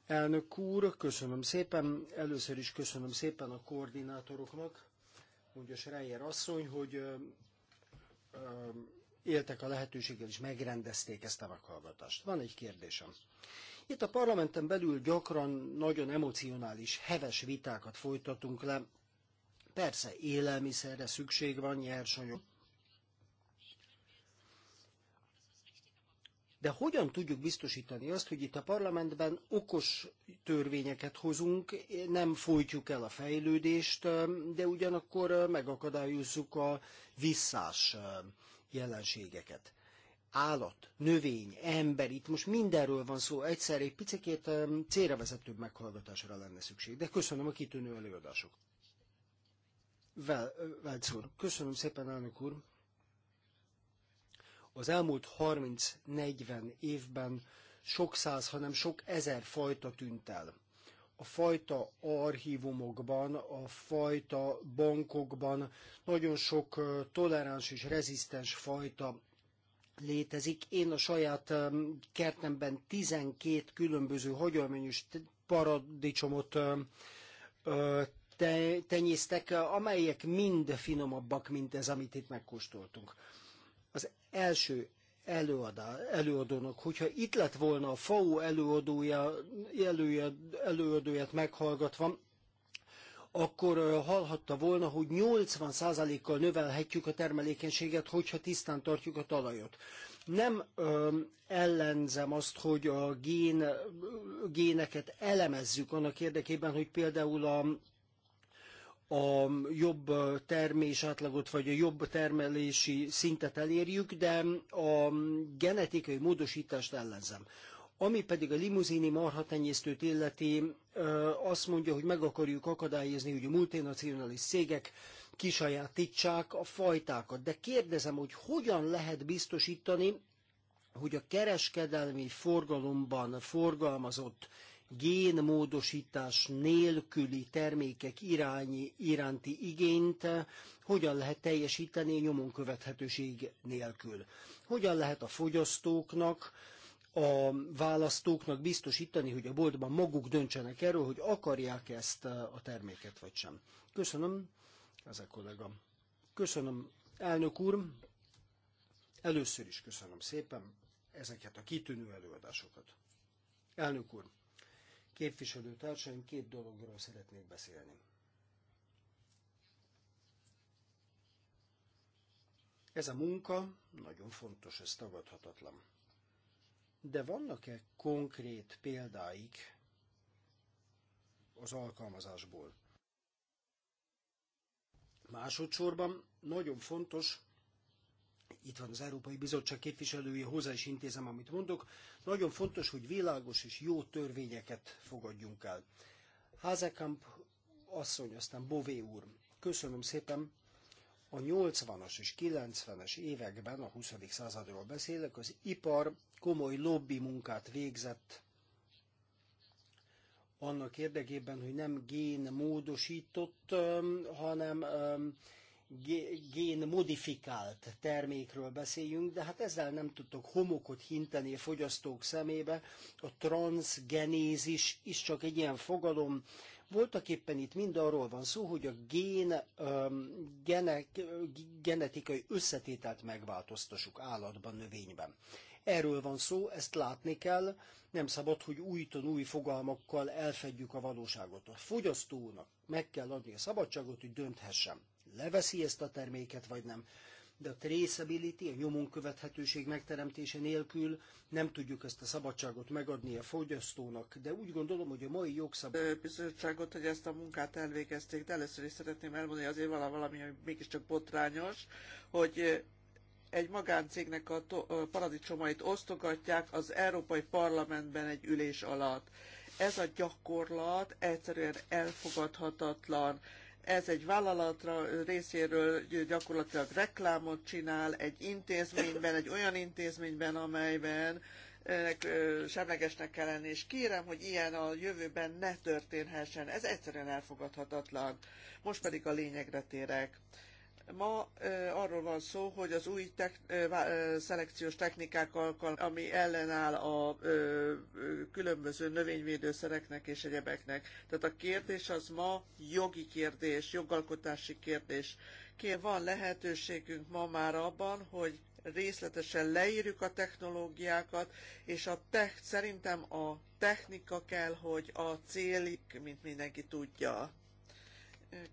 Elnök úr, köszönöm szépen. Először is köszönöm szépen a koordinátoroknak, mondja Schreier asszony, hogy ö, ö, éltek a lehetőséggel, és megrendezték ezt a meghallgatást. Van egy kérdésem. Itt a parlamenten belül gyakran nagyon emocionális, heves vitákat folytatunk le. Persze élelmiszerre szükség van, nyersanyag, de hogyan tudjuk biztosítani azt, hogy itt a parlamentben okos törvényeket hozunk, nem folytjuk el a fejlődést, de ugyanakkor megakadályozzuk a visszás jelenségeket. Állat, növény, ember, itt most mindenről van szó, egyszer egy picit célra vezetőbb meghallgatásra lenne szükség, de köszönöm a kitűnő előadások. Vel, Velc úr, köszönöm szépen, elnök úr. Az elmúlt 30-40 évben sok száz, hanem sok ezer fajta tűnt el. A fajta archívumokban, a fajta bankokban nagyon sok toleráns és rezisztens fajta létezik. Én a saját kertemben 12 különböző hagyományos paradicsomot tenyésztek, amelyek mind finomabbak, mint ez, amit itt megkóstoltunk az első előadá, előadónak, hogyha itt lett volna a FAO előadója, előadója, előadóját meghallgatva, akkor hallhatta volna, hogy 80%-kal növelhetjük a termelékenységet, hogyha tisztán tartjuk a talajot. Nem ö, ellenzem azt, hogy a gén, géneket elemezzük annak érdekében, hogy például a a jobb termés átlagot, vagy a jobb termelési szintet elérjük, de a genetikai módosítást ellenzem. Ami pedig a limuzini marhatenyésztőt illeti, azt mondja, hogy meg akarjuk akadályozni, hogy a multinacionális cégek kisajátítsák a fajtákat. De kérdezem, hogy hogyan lehet biztosítani, hogy a kereskedelmi forgalomban forgalmazott génmódosítás nélküli termékek irányi, iránti igényt hogyan lehet teljesíteni nyomon követhetőség nélkül. Hogyan lehet a fogyasztóknak, a választóknak biztosítani, hogy a boltban maguk döntsenek erről, hogy akarják ezt eh, a terméket vagy sem. Köszönöm, ez a kollega. Köszönöm, elnök úr. Először is köszönöm szépen ezeket a kitűnő előadásokat. Elnök úr, képviselőtársaim, két dologról szeretnék beszélni. Ez a munka nagyon fontos, ez tagadhatatlan. De vannak-e konkrét példáik az alkalmazásból? Másodszorban nagyon fontos, itt van az Európai Bizottság képviselője, hozzá is intézem, amit mondok. Nagyon fontos, hogy világos és jó törvényeket fogadjunk el. Házekamp asszony, aztán Bové úr. Köszönöm szépen. A 80-as és 90-es években, a 20. századról beszélek, az ipar komoly lobby munkát végzett annak érdekében, hogy nem gén módosított, hanem génmodifikált termékről beszéljünk, de hát ezzel nem tudtok homokot hinteni a fogyasztók szemébe. A transgenézis is csak egy ilyen fogalom. Voltak éppen itt mind arról van szó, hogy a gén, genek, genetikai összetételt megváltoztassuk állatban, növényben. Erről van szó, ezt látni kell, nem szabad, hogy újton új fogalmakkal elfedjük a valóságot. A fogyasztónak meg kell adni a szabadságot, hogy dönthessen leveszi ezt a terméket, vagy nem. De a traceability, a nyomon követhetőség megteremtése nélkül nem tudjuk ezt a szabadságot megadni a fogyasztónak, de úgy gondolom, hogy a mai jogszabály... Bizottságot, hogy ezt a munkát elvégezték, de először is szeretném elmondani, azért valami, valami, ami mégiscsak botrányos, hogy egy magáncégnek a paradicsomait osztogatják az Európai Parlamentben egy ülés alatt. Ez a gyakorlat egyszerűen elfogadhatatlan ez egy vállalatra részéről gyakorlatilag reklámot csinál egy intézményben, egy olyan intézményben, amelyben semlegesnek kell lenni, és kérem, hogy ilyen a jövőben ne történhessen. Ez egyszerűen elfogadhatatlan. Most pedig a lényegre térek. Ma arról van szó, hogy az új tek, szelekciós technikák, ami ellenáll a különböző növényvédőszereknek és egyebeknek. Tehát a kérdés az ma jogi kérdés, jogalkotási kérdés. Kér van lehetőségünk ma már abban, hogy részletesen leírjuk a technológiákat, és a tech, szerintem a technika kell, hogy a célik, mint mindenki tudja.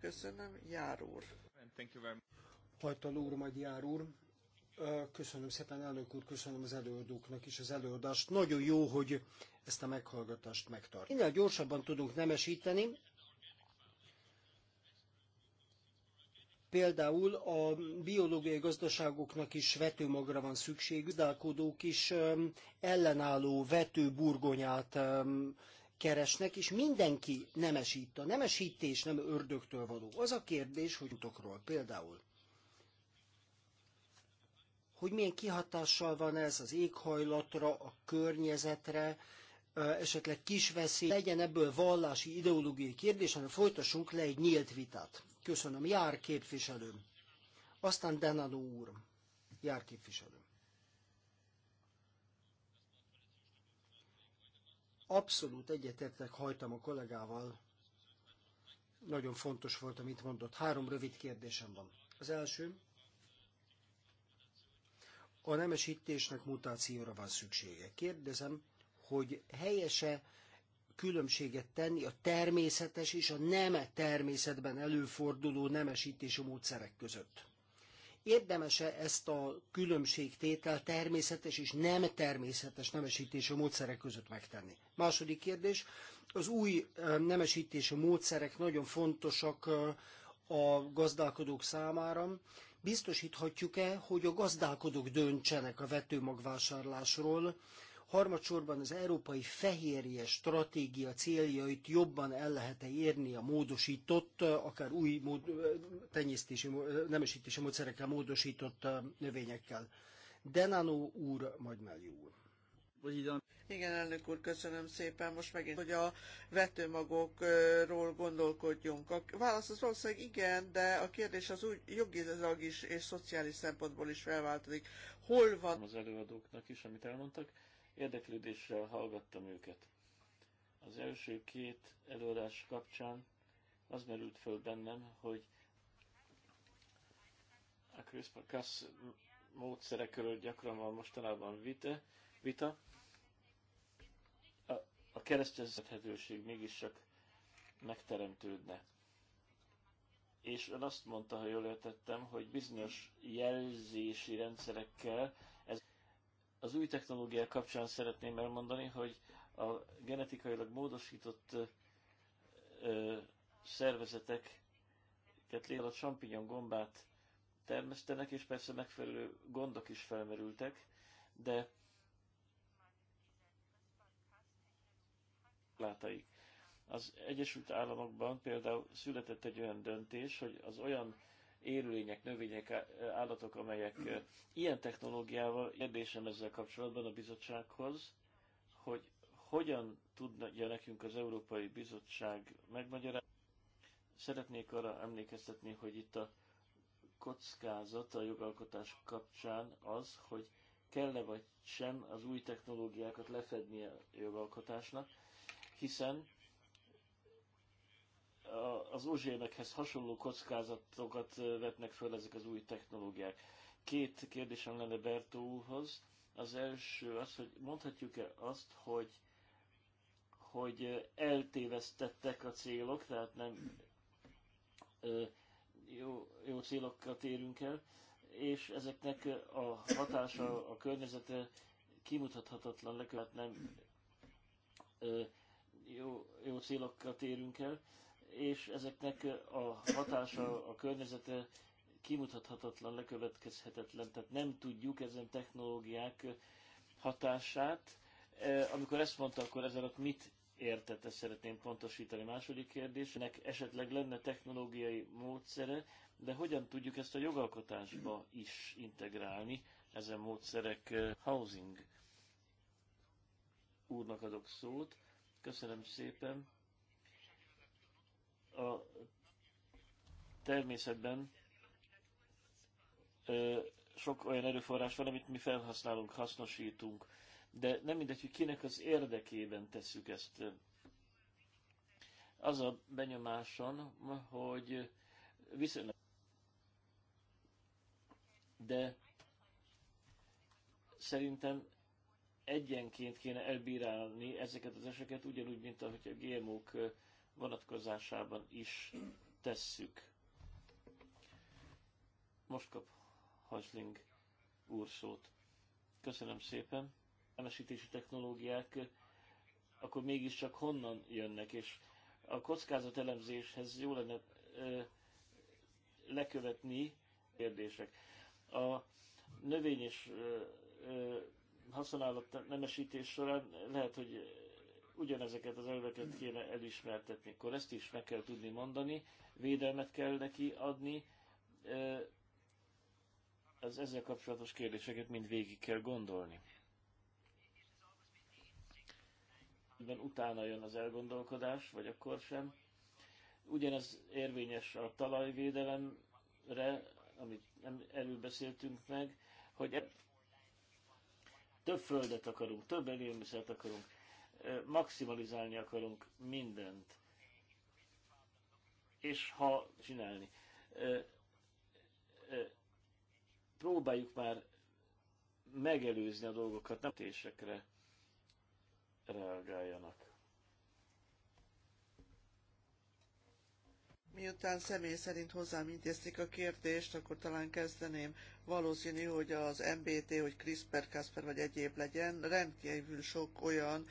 Köszönöm, Jár úr. Thank you very much. Hajtal úr, Magyar úr, Köszönöm szépen, elnök úr, köszönöm az előadóknak is az előadást. Nagyon jó, hogy ezt a meghallgatást megtart. Minél gyorsabban tudunk nemesíteni, Például a biológiai gazdaságoknak is vetőmagra van szükség, üdálkodók is ellenálló vetőburgonyát keresnek, és mindenki nemesít. A nemesítés nem ördögtől való. Az a kérdés, hogy utokról például hogy milyen kihatással van ez az éghajlatra, a környezetre, esetleg kis veszély, legyen ebből vallási, ideológiai kérdés, hanem folytassunk le egy nyílt vitát. Köszönöm, jár képviselőm. Aztán Denano úr, jár képviselőm. Abszolút egyetértek hajtam a kollégával. Nagyon fontos volt, amit mondott. Három rövid kérdésem van. Az első, a nemesítésnek mutációra van szüksége. Kérdezem, hogy helyese különbséget tenni a természetes és a nem természetben előforduló nemesítési módszerek között. Érdemese ezt a különbségtétel természetes és nem természetes nemesítési módszerek között megtenni? Második kérdés, az új nemesítési módszerek nagyon fontosak a gazdálkodók számára. Biztosíthatjuk-e, hogy a gazdálkodók döntsenek a vetőmagvásárlásról, harmadsorban az európai fehérje stratégia céljait jobban el lehet -e érni a módosított, akár új mód, tenyésztési, nemesítési módszerekkel módosított növényekkel. Denano úr, majd Melió úr. Igen, elnök úr, köszönöm szépen. Most megint, hogy a vetőmagokról gondolkodjunk. A válasz az valószínűleg igen, de a kérdés az úgy jogilag is és szociális szempontból is felváltozik. Hol van... Az előadóknak is, amit elmondtak. Érdeklődéssel hallgattam őket. Az első két előadás kapcsán az merült föl bennem, hogy a CRISPR-Cas módszerekről gyakran van mostanában vita, vita. a, a keresztezhetőség mégis csak megteremtődne. És ön azt mondta, ha jól értettem, hogy bizonyos jelzési rendszerekkel az új technológiák kapcsán szeretném elmondani, hogy a genetikailag módosított ö, szervezeteket lél a champignon gombát termesztenek, és persze megfelelő gondok is felmerültek, de látaik. Az Egyesült Államokban például született egy olyan döntés, hogy az olyan élőlények, növények, állatok, amelyek ilyen technológiával, kérdésem ezzel kapcsolatban a bizottsághoz, hogy hogyan tudja nekünk az Európai Bizottság megmagyarázni. Szeretnék arra emlékeztetni, hogy itt a kockázat a jogalkotás kapcsán az, hogy kell-e vagy sem az új technológiákat lefedni a jogalkotásnak, hiszen az uzsémekhez hasonló kockázatokat vetnek föl ezek az új technológiák. Két kérdésem lenne Bertóhoz. Az első az, hogy mondhatjuk-e azt, hogy, hogy eltévesztettek a célok, tehát nem jó, jó célokat érünk el, és ezeknek a hatása a környezetre kimutathatatlan, lekövet nem jó, jó célokat érünk el, és ezeknek a hatása a környezetre kimutathatatlan, lekövetkezhetetlen, tehát nem tudjuk ezen technológiák hatását. E, amikor ezt mondta, akkor ez alatt mit értett, ezt szeretném pontosítani. Második kérdésnek esetleg lenne technológiai módszere, de hogyan tudjuk ezt a jogalkotásba is integrálni, ezen módszerek e, housing úrnak adok szót. Köszönöm szépen a természetben ö, sok olyan erőforrás van, amit mi felhasználunk, hasznosítunk, de nem mindegy, hogy kinek az érdekében tesszük ezt. Az a benyomásom, hogy viszonylag. De szerintem egyenként kéne elbírálni ezeket az eseket, ugyanúgy, mint ahogy a GMO-k vonatkozásában is tesszük. Most kap Hajsling úr szót. Köszönöm szépen. Emesítési technológiák akkor mégiscsak honnan jönnek, és a kockázat elemzéshez jó lenne ö, lekövetni kérdések. A növény és ö, ö, használat nemesítés során lehet, hogy ugyanezeket az elveket kéne elismertetni. Akkor ezt is meg kell tudni mondani, védelmet kell neki adni, az ezzel kapcsolatos kérdéseket mind végig kell gondolni. Ebben utána jön az elgondolkodás, vagy akkor sem. Ugyanez érvényes a talajvédelemre, amit nem előbb beszéltünk meg, hogy több földet akarunk, több élelmiszert akarunk, maximalizálni akarunk mindent. És ha csinálni. Próbáljuk már megelőzni a dolgokat, nem tésekre reagáljanak. Miután személy szerint hozzám intézték a kérdést, akkor talán kezdeném. Valószínű, hogy az MBT, hogy CRISPR, Casper vagy egyéb legyen, rendkívül sok olyan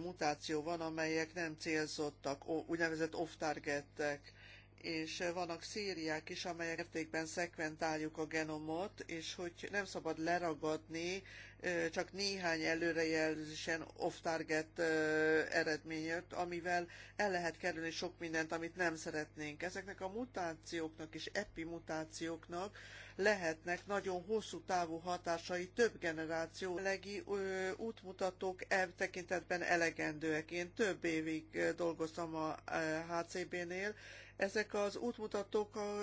mutáció van, amelyek nem célzottak, úgynevezett off-targetek és vannak szériák is, amelyek értékben szekventáljuk a genomot, és hogy nem szabad leragadni csak néhány előrejelzésen off-target eredményért, amivel el lehet kerülni sok mindent, amit nem szeretnénk. Ezeknek a mutációknak és epimutációknak lehetnek nagyon hosszú távú hatásai több generáció. Legi útmutatók e tekintetben elegendőek. Én több évig dolgoztam a HCB-nél, ezek az útmutatók a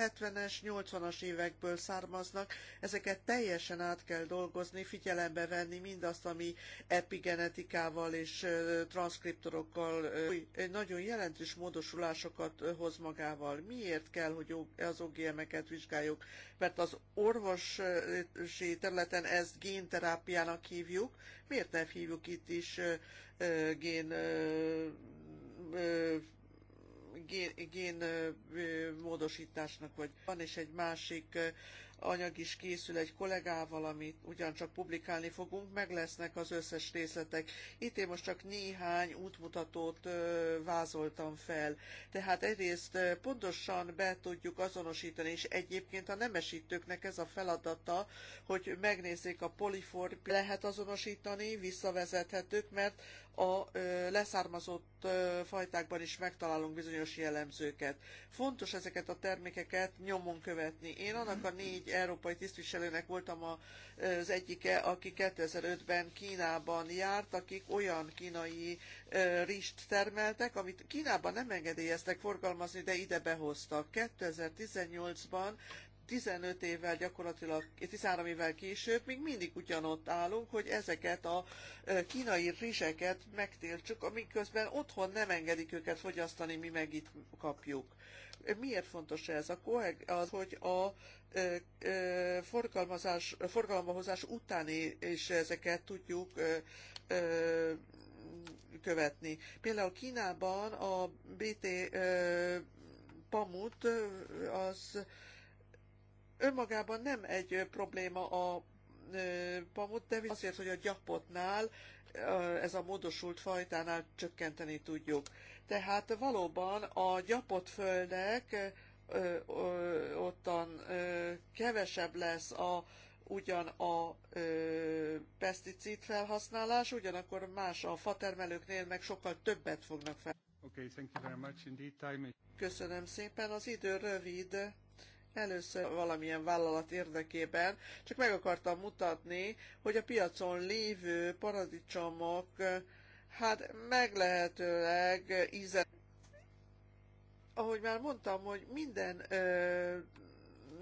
70-es, 80-as évekből származnak, ezeket teljesen át kell dolgozni, figyelembe venni mindazt, ami epigenetikával és transzkriptorokkal nagyon jelentős módosulásokat hoz magával. Miért kell, hogy az OGM-eket vizsgáljuk? Mert az orvosi területen ezt génterápiának hívjuk, miért nem hívjuk itt is gén gén, gén vagy van, és egy másik anyag is készül egy kollégával, amit ugyancsak publikálni fogunk, meg lesznek az összes részletek. Itt én most csak néhány útmutatót vázoltam fel. Tehát egyrészt pontosan be tudjuk azonosítani, és egyébként a nemesítőknek ez a feladata, hogy megnézzék a poliform, lehet azonosítani, visszavezethetők, mert a leszármazott fajtákban is megtalálunk bizonyos jellemzőket. Fontos ezeket a termékeket nyomon követni. Én annak a négy európai tisztviselőnek voltam az egyike, aki 2005-ben Kínában járt, akik olyan kínai rist termeltek, amit Kínában nem engedélyeztek forgalmazni, de ide behoztak. 2018-ban 15 évvel gyakorlatilag, 13 évvel később még mindig ugyanott állunk, hogy ezeket a kínai rizseket megtiltsuk, amiközben otthon nem engedik őket fogyasztani, mi meg itt kapjuk. Miért fontos ez? A koheg az, hogy a forgalmazás, utáni is ezeket tudjuk követni. Például Kínában a BT pamut az önmagában nem egy probléma a pamut, de azért, hogy a gyapotnál, ez a módosult fajtánál csökkenteni tudjuk. Tehát valóban a gyapott földek ottan kevesebb lesz a ugyan a ö, peszticid felhasználás, ugyanakkor más a fatermelőknél meg sokkal többet fognak fel. Okay, thank you very much indeed. Time is... Köszönöm szépen, az idő rövid először valamilyen vállalat érdekében, csak meg akartam mutatni, hogy a piacon lévő paradicsomok hát meglehetőleg íze. Ahogy már mondtam, hogy minden ö,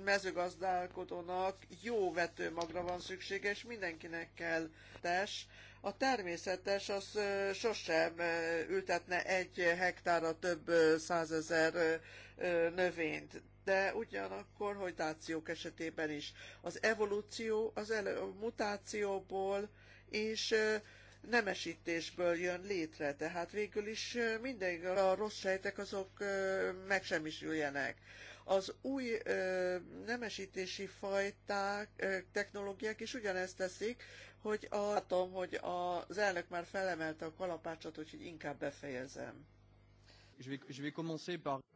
mezőgazdálkodónak jó vetőmagra van szüksége, és mindenkinek kell tes. A természetes az sosem ültetne egy hektára több százezer növényt de ugyanakkor, hogy dációk esetében is. Az evolúció az elő, a mutációból és nemesítésből jön létre, tehát végül is mindig a rossz sejtek azok megsemmisüljenek. Az új nemesítési fajták, technológiák is ugyanezt teszik, hogy a, látom, hogy az elnök már felemelte a kalapácsot, úgyhogy inkább befejezem.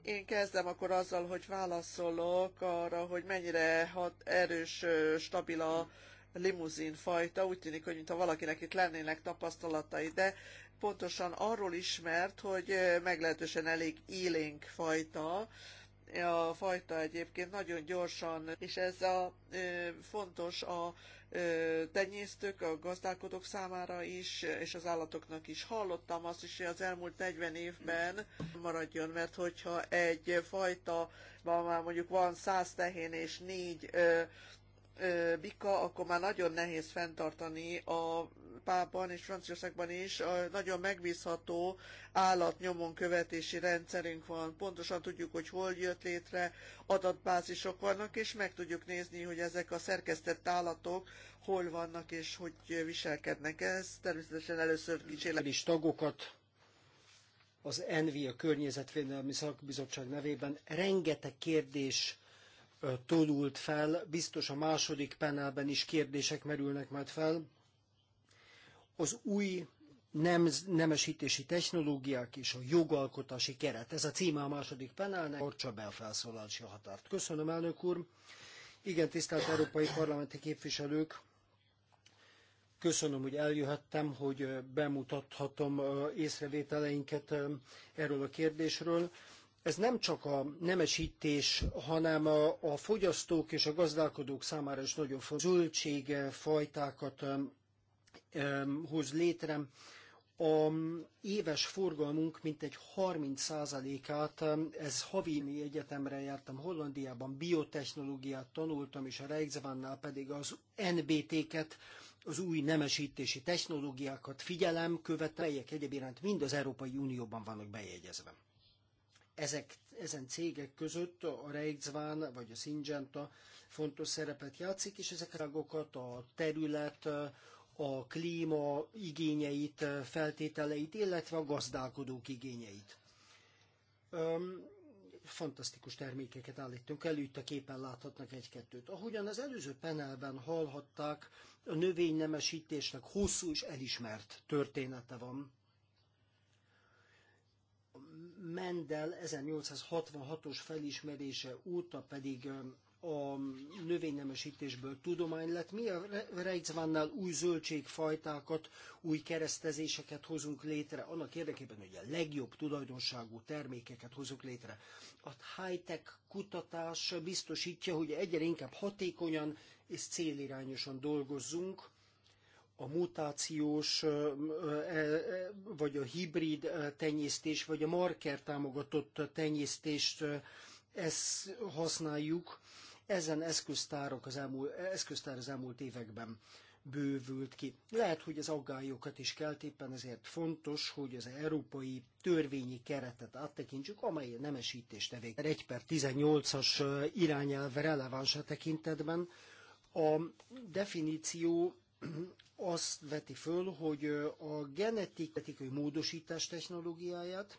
Én kezdem akkor azzal, hogy válaszolok arra, hogy mennyire hat erős, stabil a limuzin fajta. Úgy tűnik, hogy mintha valakinek itt lennének tapasztalatai, de pontosan arról ismert, hogy meglehetősen elég élénk fajta, a fajta egyébként nagyon gyorsan, és ez a, fontos a tenyésztők, a gazdálkodók számára is, és az állatoknak is. Hallottam azt is, hogy az elmúlt 40 évben maradjon, mert hogyha egy fajta, már mondjuk van 100 tehén és 4 bika, akkor már nagyon nehéz fenntartani a Európában és Franciaországban is nagyon megbízható állatnyomon követési rendszerünk van. Pontosan tudjuk, hogy hol jött létre, adatbázisok vannak, és meg tudjuk nézni, hogy ezek a szerkesztett állatok hol vannak és hogy viselkednek. Ez természetesen először kísérlet. is tagokat az ENVI, a Környezetvédelmi Szakbizottság nevében rengeteg kérdés tolult fel, biztos a második panelben is kérdések merülnek majd fel az új nem, nemesítési technológiák és a jogalkotási keret. Ez a címe a második panelnek. Orcsa a felszólalási határt. Köszönöm, elnök úr. Igen, tisztelt európai parlamenti képviselők, köszönöm, hogy eljöhettem, hogy bemutathatom észrevételeinket erről a kérdésről. Ez nem csak a nemesítés, hanem a fogyasztók és a gazdálkodók számára is nagyon fontos zöldségfajtákat hoz létre, a éves forgalmunk mintegy 30%-át, ez havi egyetemre jártam Hollandiában, biotechnológiát tanultam, és a Rijkswaannál pedig az NBT-ket, az új nemesítési technológiákat figyelem, követem, melyek egyébként mind az Európai Unióban vannak bejegyezve. Ezek, ezen cégek között a Reichswahn vagy a Syngenta fontos szerepet játszik, és ezek a a terület, a klíma igényeit, feltételeit, illetve a gazdálkodók igényeit. fantasztikus termékeket állítunk elő, itt a képen láthatnak egy-kettőt. Ahogyan az előző panelben hallhatták, a növénynemesítésnek hosszú és elismert története van. Mendel 1866-os felismerése óta pedig a növénynemesítésből tudomány lett. Mi a Reitzvánnál új zöldségfajtákat, új keresztezéseket hozunk létre, annak érdekében, hogy a legjobb tulajdonságú termékeket hozunk létre. A high-tech kutatás biztosítja, hogy egyre inkább hatékonyan és célirányosan dolgozzunk, a mutációs, vagy a hibrid tenyésztés, vagy a marker támogatott tenyésztést ezt használjuk, ezen eszköztárok az elmúlt, eszköztár az elmúlt években bővült ki. Lehet, hogy az aggályokat is kelt, éppen ezért fontos, hogy az európai törvényi keretet áttekintsük, amely a nemesítés tevék. 1 per 18-as irányelve releváns a e tekintetben. A definíció azt veti föl, hogy a genetikai módosítás technológiáját,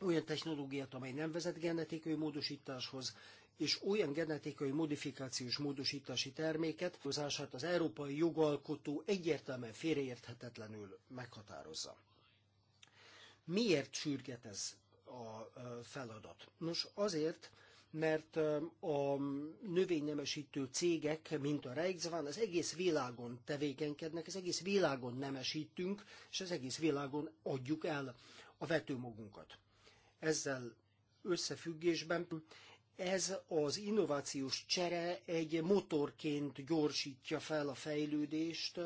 olyan technológiát, amely nem vezet genetikai módosításhoz, és olyan genetikai modifikációs módosítási terméket hozását az európai jogalkotó egyértelműen félreérthetetlenül meghatározza. Miért sürget ez a feladat? Nos, azért, mert a növénynemesítő cégek, mint a Reichswan, az egész világon tevékenykednek, az egész világon nemesítünk, és az egész világon adjuk el a vetőmagunkat. Ezzel összefüggésben ez az innovációs csere egy motorként gyorsítja fel a fejlődést,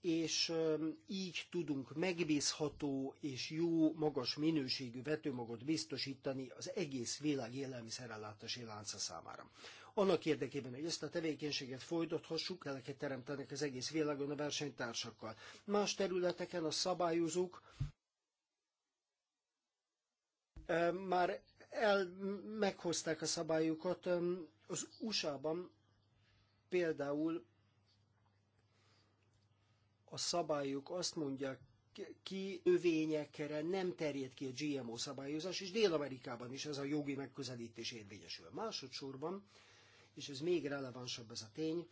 és így tudunk megbízható és jó, magas minőségű vetőmagot biztosítani az egész világ élelmiszerellátási lánca számára. Annak érdekében, hogy ezt a tevékenységet folytathassuk, eleket teremtenek az egész világon a versenytársakkal. Más területeken a szabályozók már el, meghozták a szabályokat. Az USA-ban például a szabályok azt mondják ki növényekre nem terjed ki a GMO szabályozás, és Dél-Amerikában is ez a jogi megközelítés érvényesül. Másodszorban, és ez még relevánsabb ez a tény,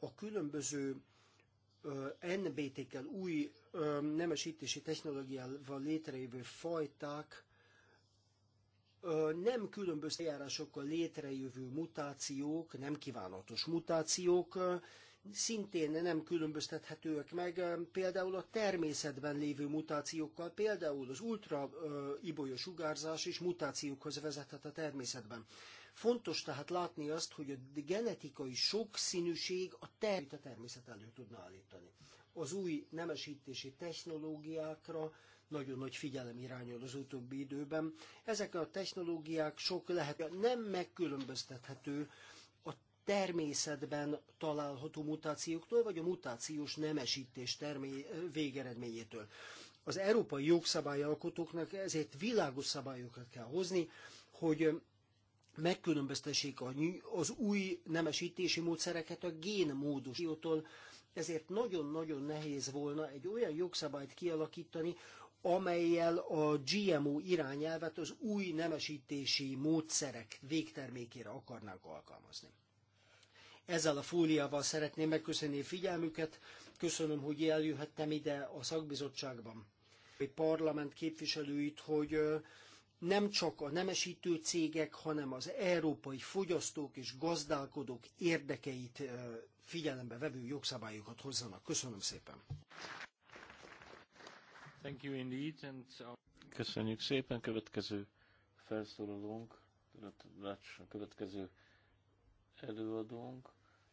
a különböző NBT-kel új nemesítési technológiával létrejövő fajták nem különböző eljárásokkal létrejövő mutációk, nem kívánatos mutációk, szintén nem különböztethetőek meg például a természetben lévő mutációkkal, például az ultra ibolya sugárzás is mutációkhoz vezethet a természetben. Fontos tehát látni azt, hogy a genetikai sokszínűség a, a természet elő tudna állítani. Az új nemesítési technológiákra nagyon nagy figyelem irányul az utóbbi időben. Ezek a technológiák sok lehet, nem megkülönböztethető a természetben található mutációktól, vagy a mutációs nemesítés termé- végeredményétől. Az európai jogszabályalkotóknak ezért világos szabályokat kell hozni, hogy megkülönböztessék az új nemesítési módszereket a génmódusítótól, ezért nagyon-nagyon nehéz volna egy olyan jogszabályt kialakítani, amelyel a GMO irányelvet az új nemesítési módszerek végtermékére akarnánk alkalmazni. Ezzel a fóliával szeretném megköszönni a figyelmüket, köszönöm, hogy eljöhettem ide a szakbizottságban, a parlament képviselőit, hogy nem csak a nemesítő cégek, hanem az európai fogyasztók és gazdálkodók érdekeit figyelembe vevő jogszabályokat hozzanak. Köszönöm szépen! Thank you indeed, and... Uh, Köszönjük szépen. Következő felszólalónk, a következő előadónk,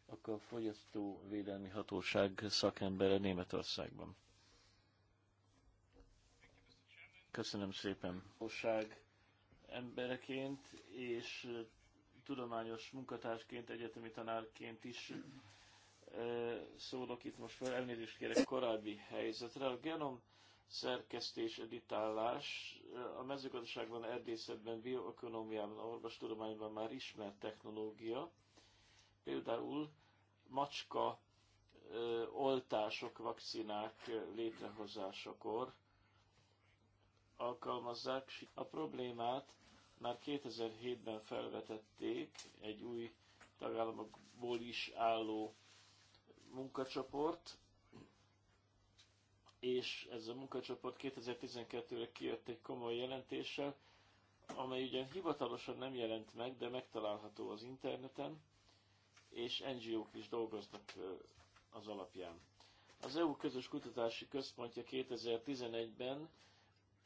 akkor a Fogyasztóvédelmi Hatóság szakembere Németországban. Köszönöm szépen. Hosság embereként és uh, tudományos munkatársként, egyetemi tanárként is uh, szólok itt most fel, elnézést kérek korábbi helyzetre. A genom szerkesztés, editálás a mezőgazdaságban, erdészetben, bioökonomiában, orvostudományban már ismert technológia. Például macska ö, oltások, vakcinák létrehozásakor alkalmazzák. A problémát már 2007-ben felvetették egy új tagállamokból is álló munkacsoport, és ez a munkacsoport 2012-re kijött egy komoly jelentéssel, amely ugyan hivatalosan nem jelent meg, de megtalálható az interneten, és NGO-k is dolgoznak az alapján. Az EU közös kutatási központja 2011-ben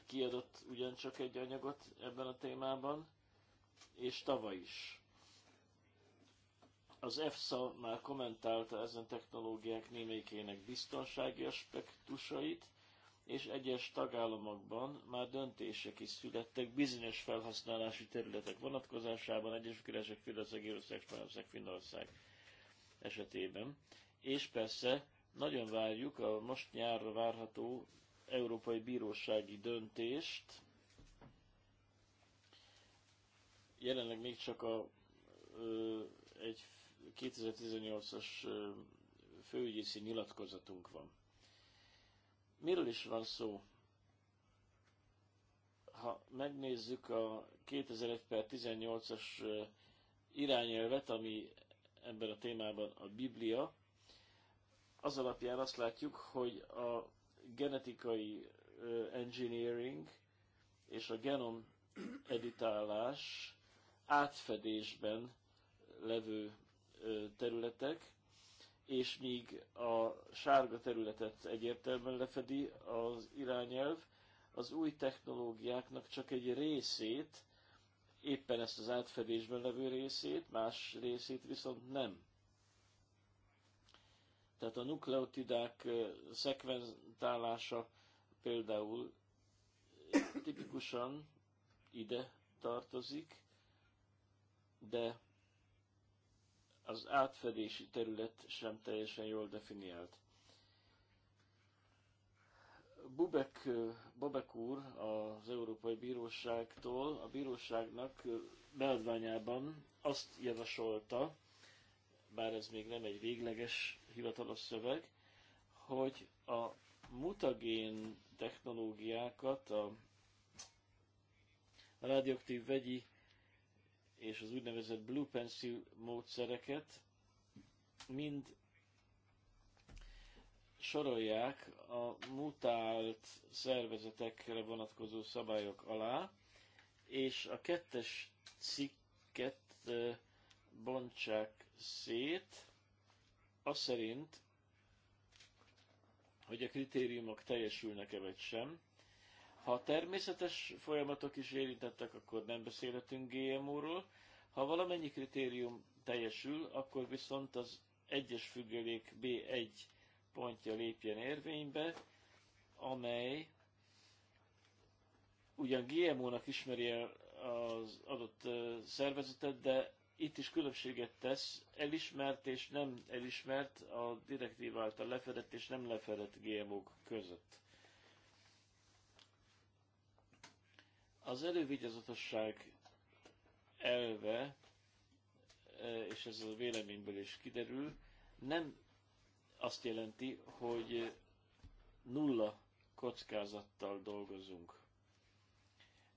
kiadott ugyancsak egy anyagot ebben a témában, és tavaly is az EFSA már kommentálta ezen technológiák némelyikének biztonsági aspektusait, és egyes tagállamokban már döntések is születtek bizonyos felhasználási területek vonatkozásában, egyes Királyság, Fideszeg, Írország, Spanyolország, Finnország esetében. És persze nagyon várjuk a most nyárra várható Európai Bírósági döntést. Jelenleg még csak a, ö, egy 2018-as főügyészi nyilatkozatunk van. Miről is van szó? Ha megnézzük a 2001 per 18-as irányelvet, ami ebben a témában a Biblia, az alapján azt látjuk, hogy a genetikai engineering és a genom editálás átfedésben levő területek, és míg a sárga területet egyértelműen lefedi az irányelv, az új technológiáknak csak egy részét, éppen ezt az átfedésben levő részét, más részét viszont nem. Tehát a nukleotidák szekventálása például tipikusan ide tartozik, de az átfedési terület sem teljesen jól definiált. Bubek, Babek úr az Európai Bíróságtól a bíróságnak beadványában azt javasolta, bár ez még nem egy végleges hivatalos szöveg, hogy a mutagén technológiákat, a radioaktív vegyi és az úgynevezett Blue Pencil módszereket mind sorolják a mutált szervezetekre vonatkozó szabályok alá, és a kettes cikket bontsák szét, az szerint, hogy a kritériumok teljesülnek-e vagy sem. Ha természetes folyamatok is érintettek, akkor nem beszélhetünk GMO-ról. Ha valamennyi kritérium teljesül, akkor viszont az egyes függelék B1 pontja lépjen érvénybe, amely ugyan GMO-nak ismeri el az adott szervezetet, de itt is különbséget tesz elismert és nem elismert, a direktív által lefedett és nem lefedett GMO-k között. Az elővigyázatosság elve, e, és ez a véleményből is kiderül, nem azt jelenti, hogy nulla kockázattal dolgozunk.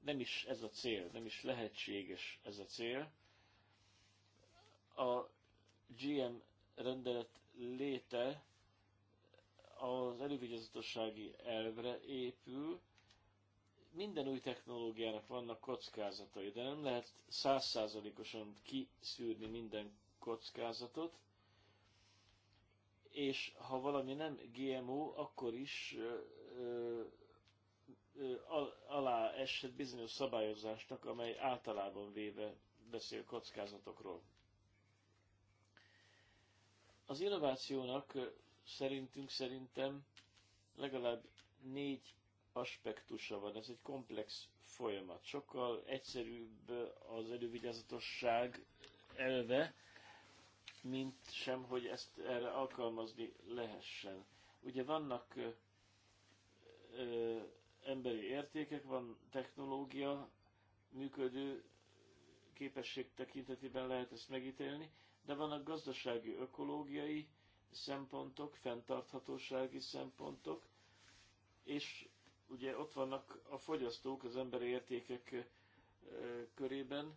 Nem is ez a cél, nem is lehetséges ez a cél. A GM rendelet léte az elővigyázatossági elvre épül, minden új technológiának vannak kockázatai, de nem lehet százszázalékosan kiszűrni minden kockázatot, és ha valami nem GMO, akkor is ö, ö, alá eshet bizonyos szabályozásnak, amely általában véve beszél kockázatokról. Az innovációnak szerintünk szerintem legalább négy aspektusa van, ez egy komplex folyamat. Sokkal egyszerűbb az elővigyázatosság elve, mint sem, hogy ezt erre alkalmazni lehessen. Ugye vannak ö, ö, emberi értékek, van technológia, működő képesség tekintetében lehet ezt megítélni, de vannak gazdasági, ökológiai szempontok, fenntarthatósági szempontok, és ugye ott vannak a fogyasztók az emberi értékek körében,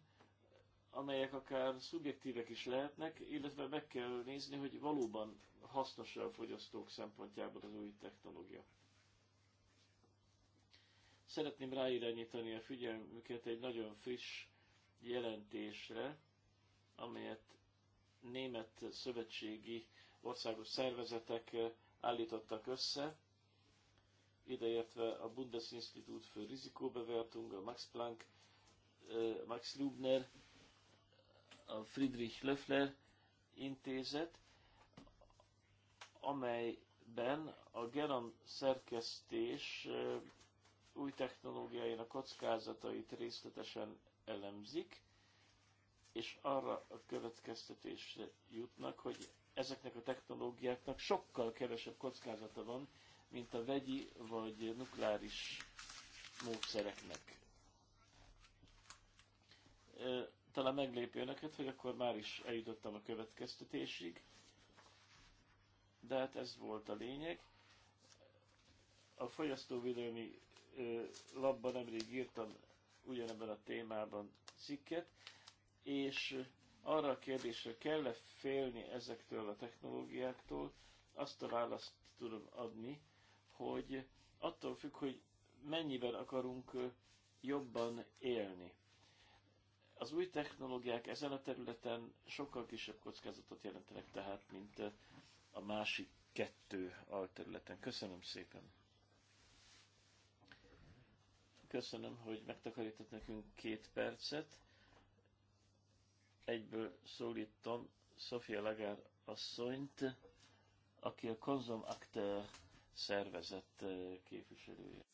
amelyek akár szubjektívek is lehetnek, illetve meg kell nézni, hogy valóban hasznos a fogyasztók szempontjából az új technológia. Szeretném ráirányítani a figyelmüket egy nagyon friss jelentésre, amelyet német szövetségi országos szervezetek állítottak össze, ideértve a Bundesinstitut für Risikobewertung, a Max Planck, Max Lubner, a Friedrich Löffler intézet, amelyben a genom szerkesztés új technológiáinak kockázatait részletesen elemzik, és arra a következtetésre jutnak, hogy ezeknek a technológiáknak sokkal kevesebb kockázata van, mint a vegyi vagy nukleáris módszereknek. Talán meglépő önöket, hogy akkor már is eljutottam a következtetésig, de hát ez volt a lényeg. A fogyasztóvédelmi labban nemrég írtam ugyanebben a témában cikket, és arra a kérdésre kell-e félni ezektől a technológiáktól, azt a választ tudom adni, hogy attól függ, hogy mennyiben akarunk jobban élni. Az új technológiák ezen a területen sokkal kisebb kockázatot jelentenek tehát, mint a másik kettő alterületen. Köszönöm szépen! Köszönöm, hogy megtakarított nekünk két percet egyből szólítom Sofia Lagár asszonyt, aki a Konzum Acteur szervezet eh, képviselője.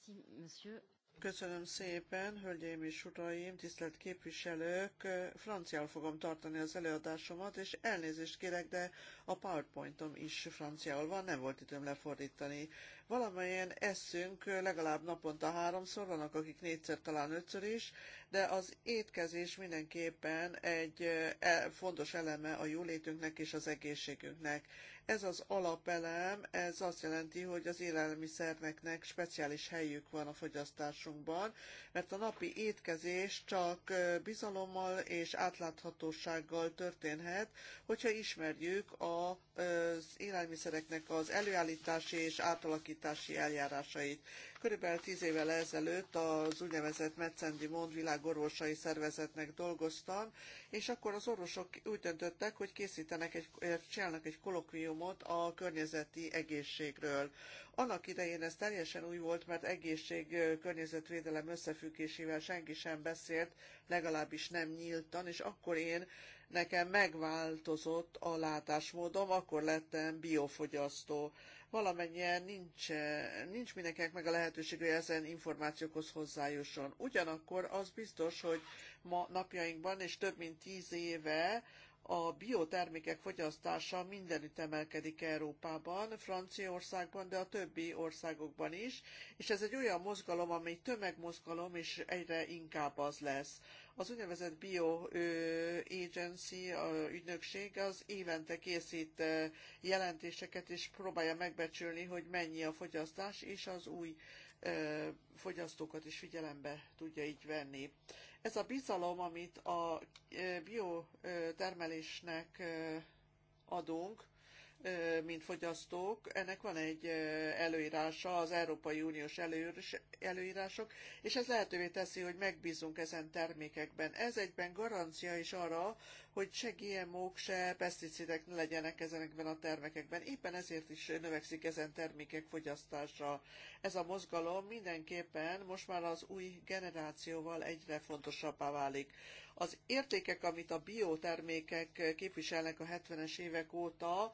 Köszönöm szépen, hölgyeim és uraim, tisztelt képviselők! Eh, franciául fogom tartani az előadásomat, és elnézést kérek, de a PowerPointom is franciául van, nem volt időm lefordítani. Valamelyen eszünk legalább naponta háromszor, vannak akik négyszer, talán ötször is, de az étkezés mindenképpen egy e, fontos eleme a jólétünknek és az egészségünknek. Ez az alapelem, ez azt jelenti, hogy az élelmiszerneknek speciális helyük van a fogyasztásunkban, mert a napi étkezés csak bizalommal és átláthatósággal történhet, hogyha ismerjük az élelmiszereknek az előállítási és átalakítási igazítási eljárásait. Körülbelül tíz évvel ezelőtt az úgynevezett Metzendi Mond világorvosai szervezetnek dolgoztam, és akkor az orvosok úgy döntöttek, hogy készítenek egy, eh, csinálnak egy kolokviumot a környezeti egészségről. Annak idején ez teljesen új volt, mert egészség eh, környezetvédelem összefüggésével senki sem beszélt, legalábbis nem nyíltan, és akkor én nekem megváltozott a látásmódom, akkor lettem biofogyasztó valamennyien nincs, eh, nincs mindenkinek meg a lehetőség, hogy ezen információkhoz hozzájusson. Ugyanakkor az biztos, hogy ma napjainkban és több mint tíz éve a biotermékek fogyasztása mindenütt emelkedik Európában, Franciaországban, de a többi országokban is, és ez egy olyan mozgalom, ami tömegmozgalom, és egyre inkább az lesz. Az úgynevezett Bio Agency, a ügynökség az évente készít jelentéseket, és próbálja megbecsülni, hogy mennyi a fogyasztás, és az új fogyasztókat is figyelembe tudja így venni. Ez a bizalom, amit a biotermelésnek adunk, mint fogyasztók, ennek van egy előírása, az Európai Uniós előírások, és ez lehetővé teszi, hogy megbízunk ezen termékekben. Ez egyben garancia is arra, hogy se GMO-k, se peszticidek ne legyenek ezenekben a termékekben. Éppen ezért is növekszik ezen termékek fogyasztása. Ez a mozgalom mindenképpen most már az új generációval egyre fontosabbá válik. Az értékek, amit a biotermékek képviselnek a 70-es évek óta,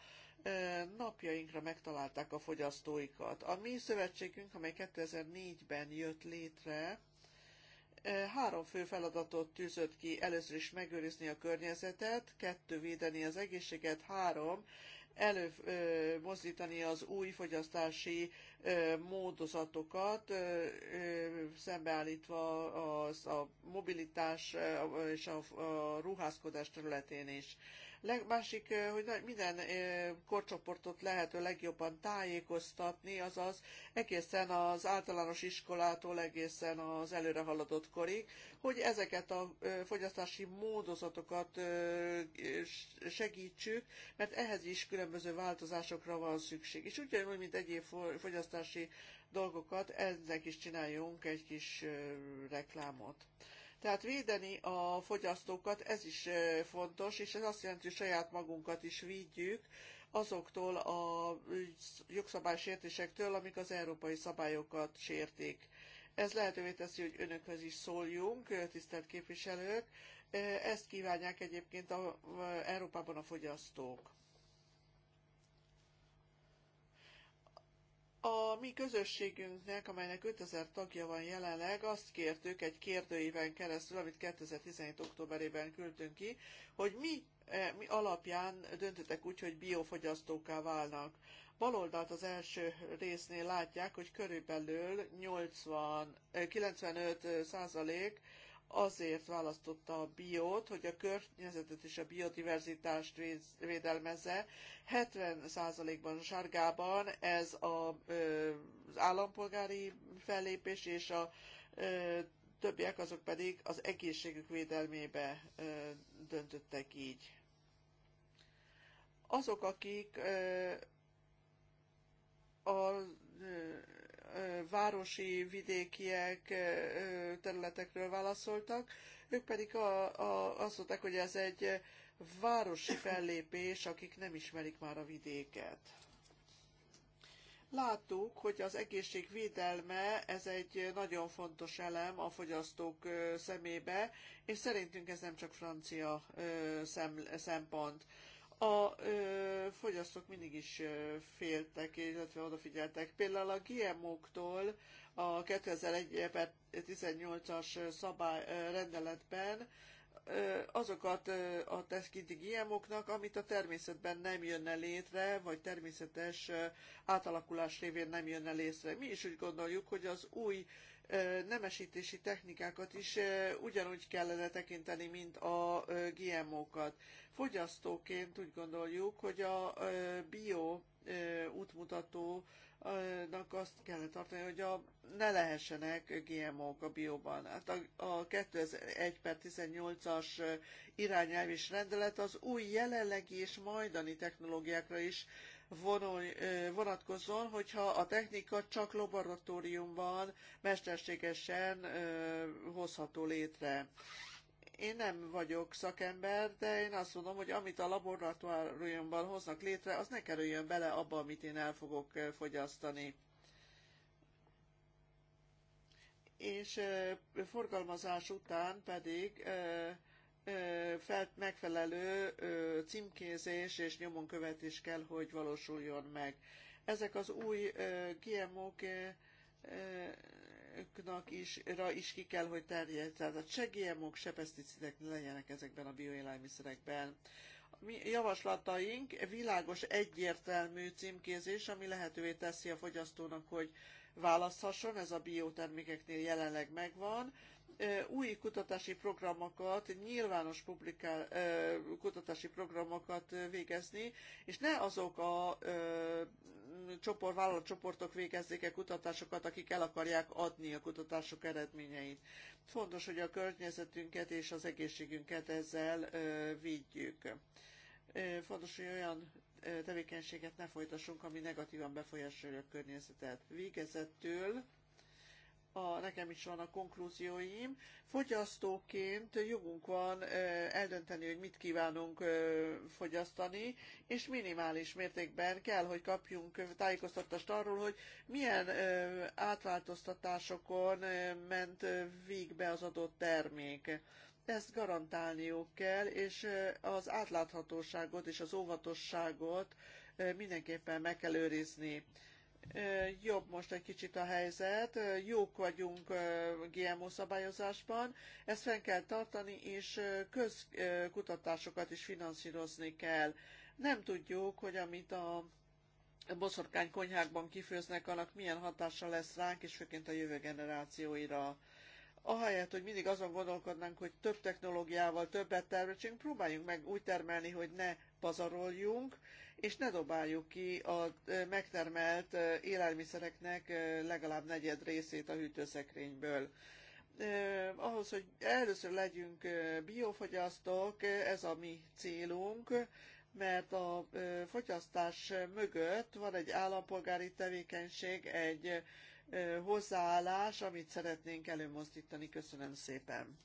napjainkra megtalálták a fogyasztóikat. A mi szövetségünk, amely 2004-ben jött létre, három fő feladatot tűzött ki, először is megőrizni a környezetet, kettő védeni az egészséget, három előmozdítani az új fogyasztási módozatokat, szembeállítva az a mobilitás és a ruházkodás területén is. Leg, másik, hogy minden korcsoportot lehető legjobban tájékoztatni, azaz egészen az általános iskolától egészen az előre haladott korig, hogy ezeket a fogyasztási módozatokat segítsük, mert ehhez is különböző változásokra van szükség. És ugyanúgy, mint egyéb fogyasztási dolgokat, ennek is csináljunk egy kis reklámot. Tehát védeni a fogyasztókat, ez is fontos, és ez azt jelenti, hogy saját magunkat is védjük azoktól a jogszabálysértésektől, amik az európai szabályokat sértik. Ez lehetővé teszi, hogy önökhöz is szóljunk, tisztelt képviselők. Ezt kívánják egyébként a, Európában a fogyasztók. mi közösségünknek, amelynek 5000 tagja van jelenleg, azt kértük egy kérdőíven keresztül, amit 2017. októberében küldtünk ki, hogy mi, e, mi alapján döntöttek úgy, hogy biofogyasztóká válnak. Baloldalt az első résznél látják, hogy körülbelül 80, 95 százalék azért választotta a biót, hogy a környezetet és a biodiverzitást védelmezze. 70%-ban sárgában ez a, az állampolgári fellépés és a többiek azok pedig az egészségük védelmébe döntöttek így. Azok, akik a városi, vidékiek területekről válaszoltak, ők pedig a, a, azt mondták, hogy ez egy városi fellépés, akik nem ismerik már a vidéket. Láttuk, hogy az egészségvédelme ez egy nagyon fontos elem a fogyasztók szemébe, és szerintünk ez nem csak francia szempont a ö, fogyasztók mindig is ö, féltek, illetve odafigyeltek. Például a GMO-któl a 2018 18 as szabály ö, rendeletben ö, azokat ö, a teszkinti GMO-knak, amit a természetben nem jönne létre, vagy természetes ö, átalakulás révén nem jönne létre. Mi is úgy gondoljuk, hogy az új ö, nemesítési technikákat is ugyanúgy kellene tekinteni, mint a GMO-kat. Fogyasztóként úgy gondoljuk, hogy a bio útmutatónak azt kell tartani, hogy a, ne lehessenek GMO-k a bióban. Hát a, a 2001 per 18-as irányelv és rendelet az új jelenlegi és majdani technológiákra is vonul, vonatkozzon, hogyha a technika csak laboratóriumban mesterségesen hozható létre én nem vagyok szakember, de én azt mondom, hogy amit a laboratóriumban hoznak létre, az ne kerüljön bele abba, amit én el fogok fogyasztani. És forgalmazás után pedig megfelelő címkézés és nyomonkövetés kell, hogy valósuljon meg. Ezek az új GMO-k is, ra is ki kell, hogy terjed. Tehát se GMO-k, se peszticidek legyenek ezekben a bioélelmiszerekben. Mi javaslataink világos, egyértelmű címkézés, ami lehetővé teszi a fogyasztónak, hogy választhasson, ez a biotermékeknél jelenleg megvan, új kutatási programokat, nyilvános publikál, kutatási programokat végezni, és ne azok a csoport, vállalatcsoportok végezzék el kutatásokat, akik el akarják adni a kutatások eredményeit. Fontos, hogy a környezetünket és az egészségünket ezzel védjük. Fontos, hogy olyan tevékenységet ne folytassunk, ami negatívan befolyásolja a környezetet. Végezettől a, nekem is van a konklúzióim. Fogyasztóként jogunk van eldönteni, hogy mit kívánunk fogyasztani, és minimális mértékben kell, hogy kapjunk tájékoztatást arról, hogy milyen átváltoztatásokon ment végbe az adott termék. Ezt garantálniuk kell, és az átláthatóságot és az óvatosságot mindenképpen meg kell őrizni jobb most egy kicsit a helyzet, jók vagyunk GMO szabályozásban, ezt fenn kell tartani, és közkutatásokat is finanszírozni kell. Nem tudjuk, hogy amit a boszorkány konyhákban kifőznek, annak milyen hatása lesz ránk, és főként a jövő generációira. Ahelyett, hogy mindig azon gondolkodnánk, hogy több technológiával többet termeljünk, próbáljunk meg úgy termelni, hogy ne pazaroljunk, és ne dobáljuk ki a megtermelt élelmiszereknek legalább negyed részét a hűtőszekrényből. Ahhoz, hogy először legyünk biofogyasztók, ez a mi célunk, mert a fogyasztás mögött van egy állampolgári tevékenység, egy hozzáállás, amit szeretnénk előmozdítani. Köszönöm szépen!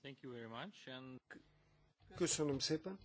Thank you very much. And... Köszönöm szépen.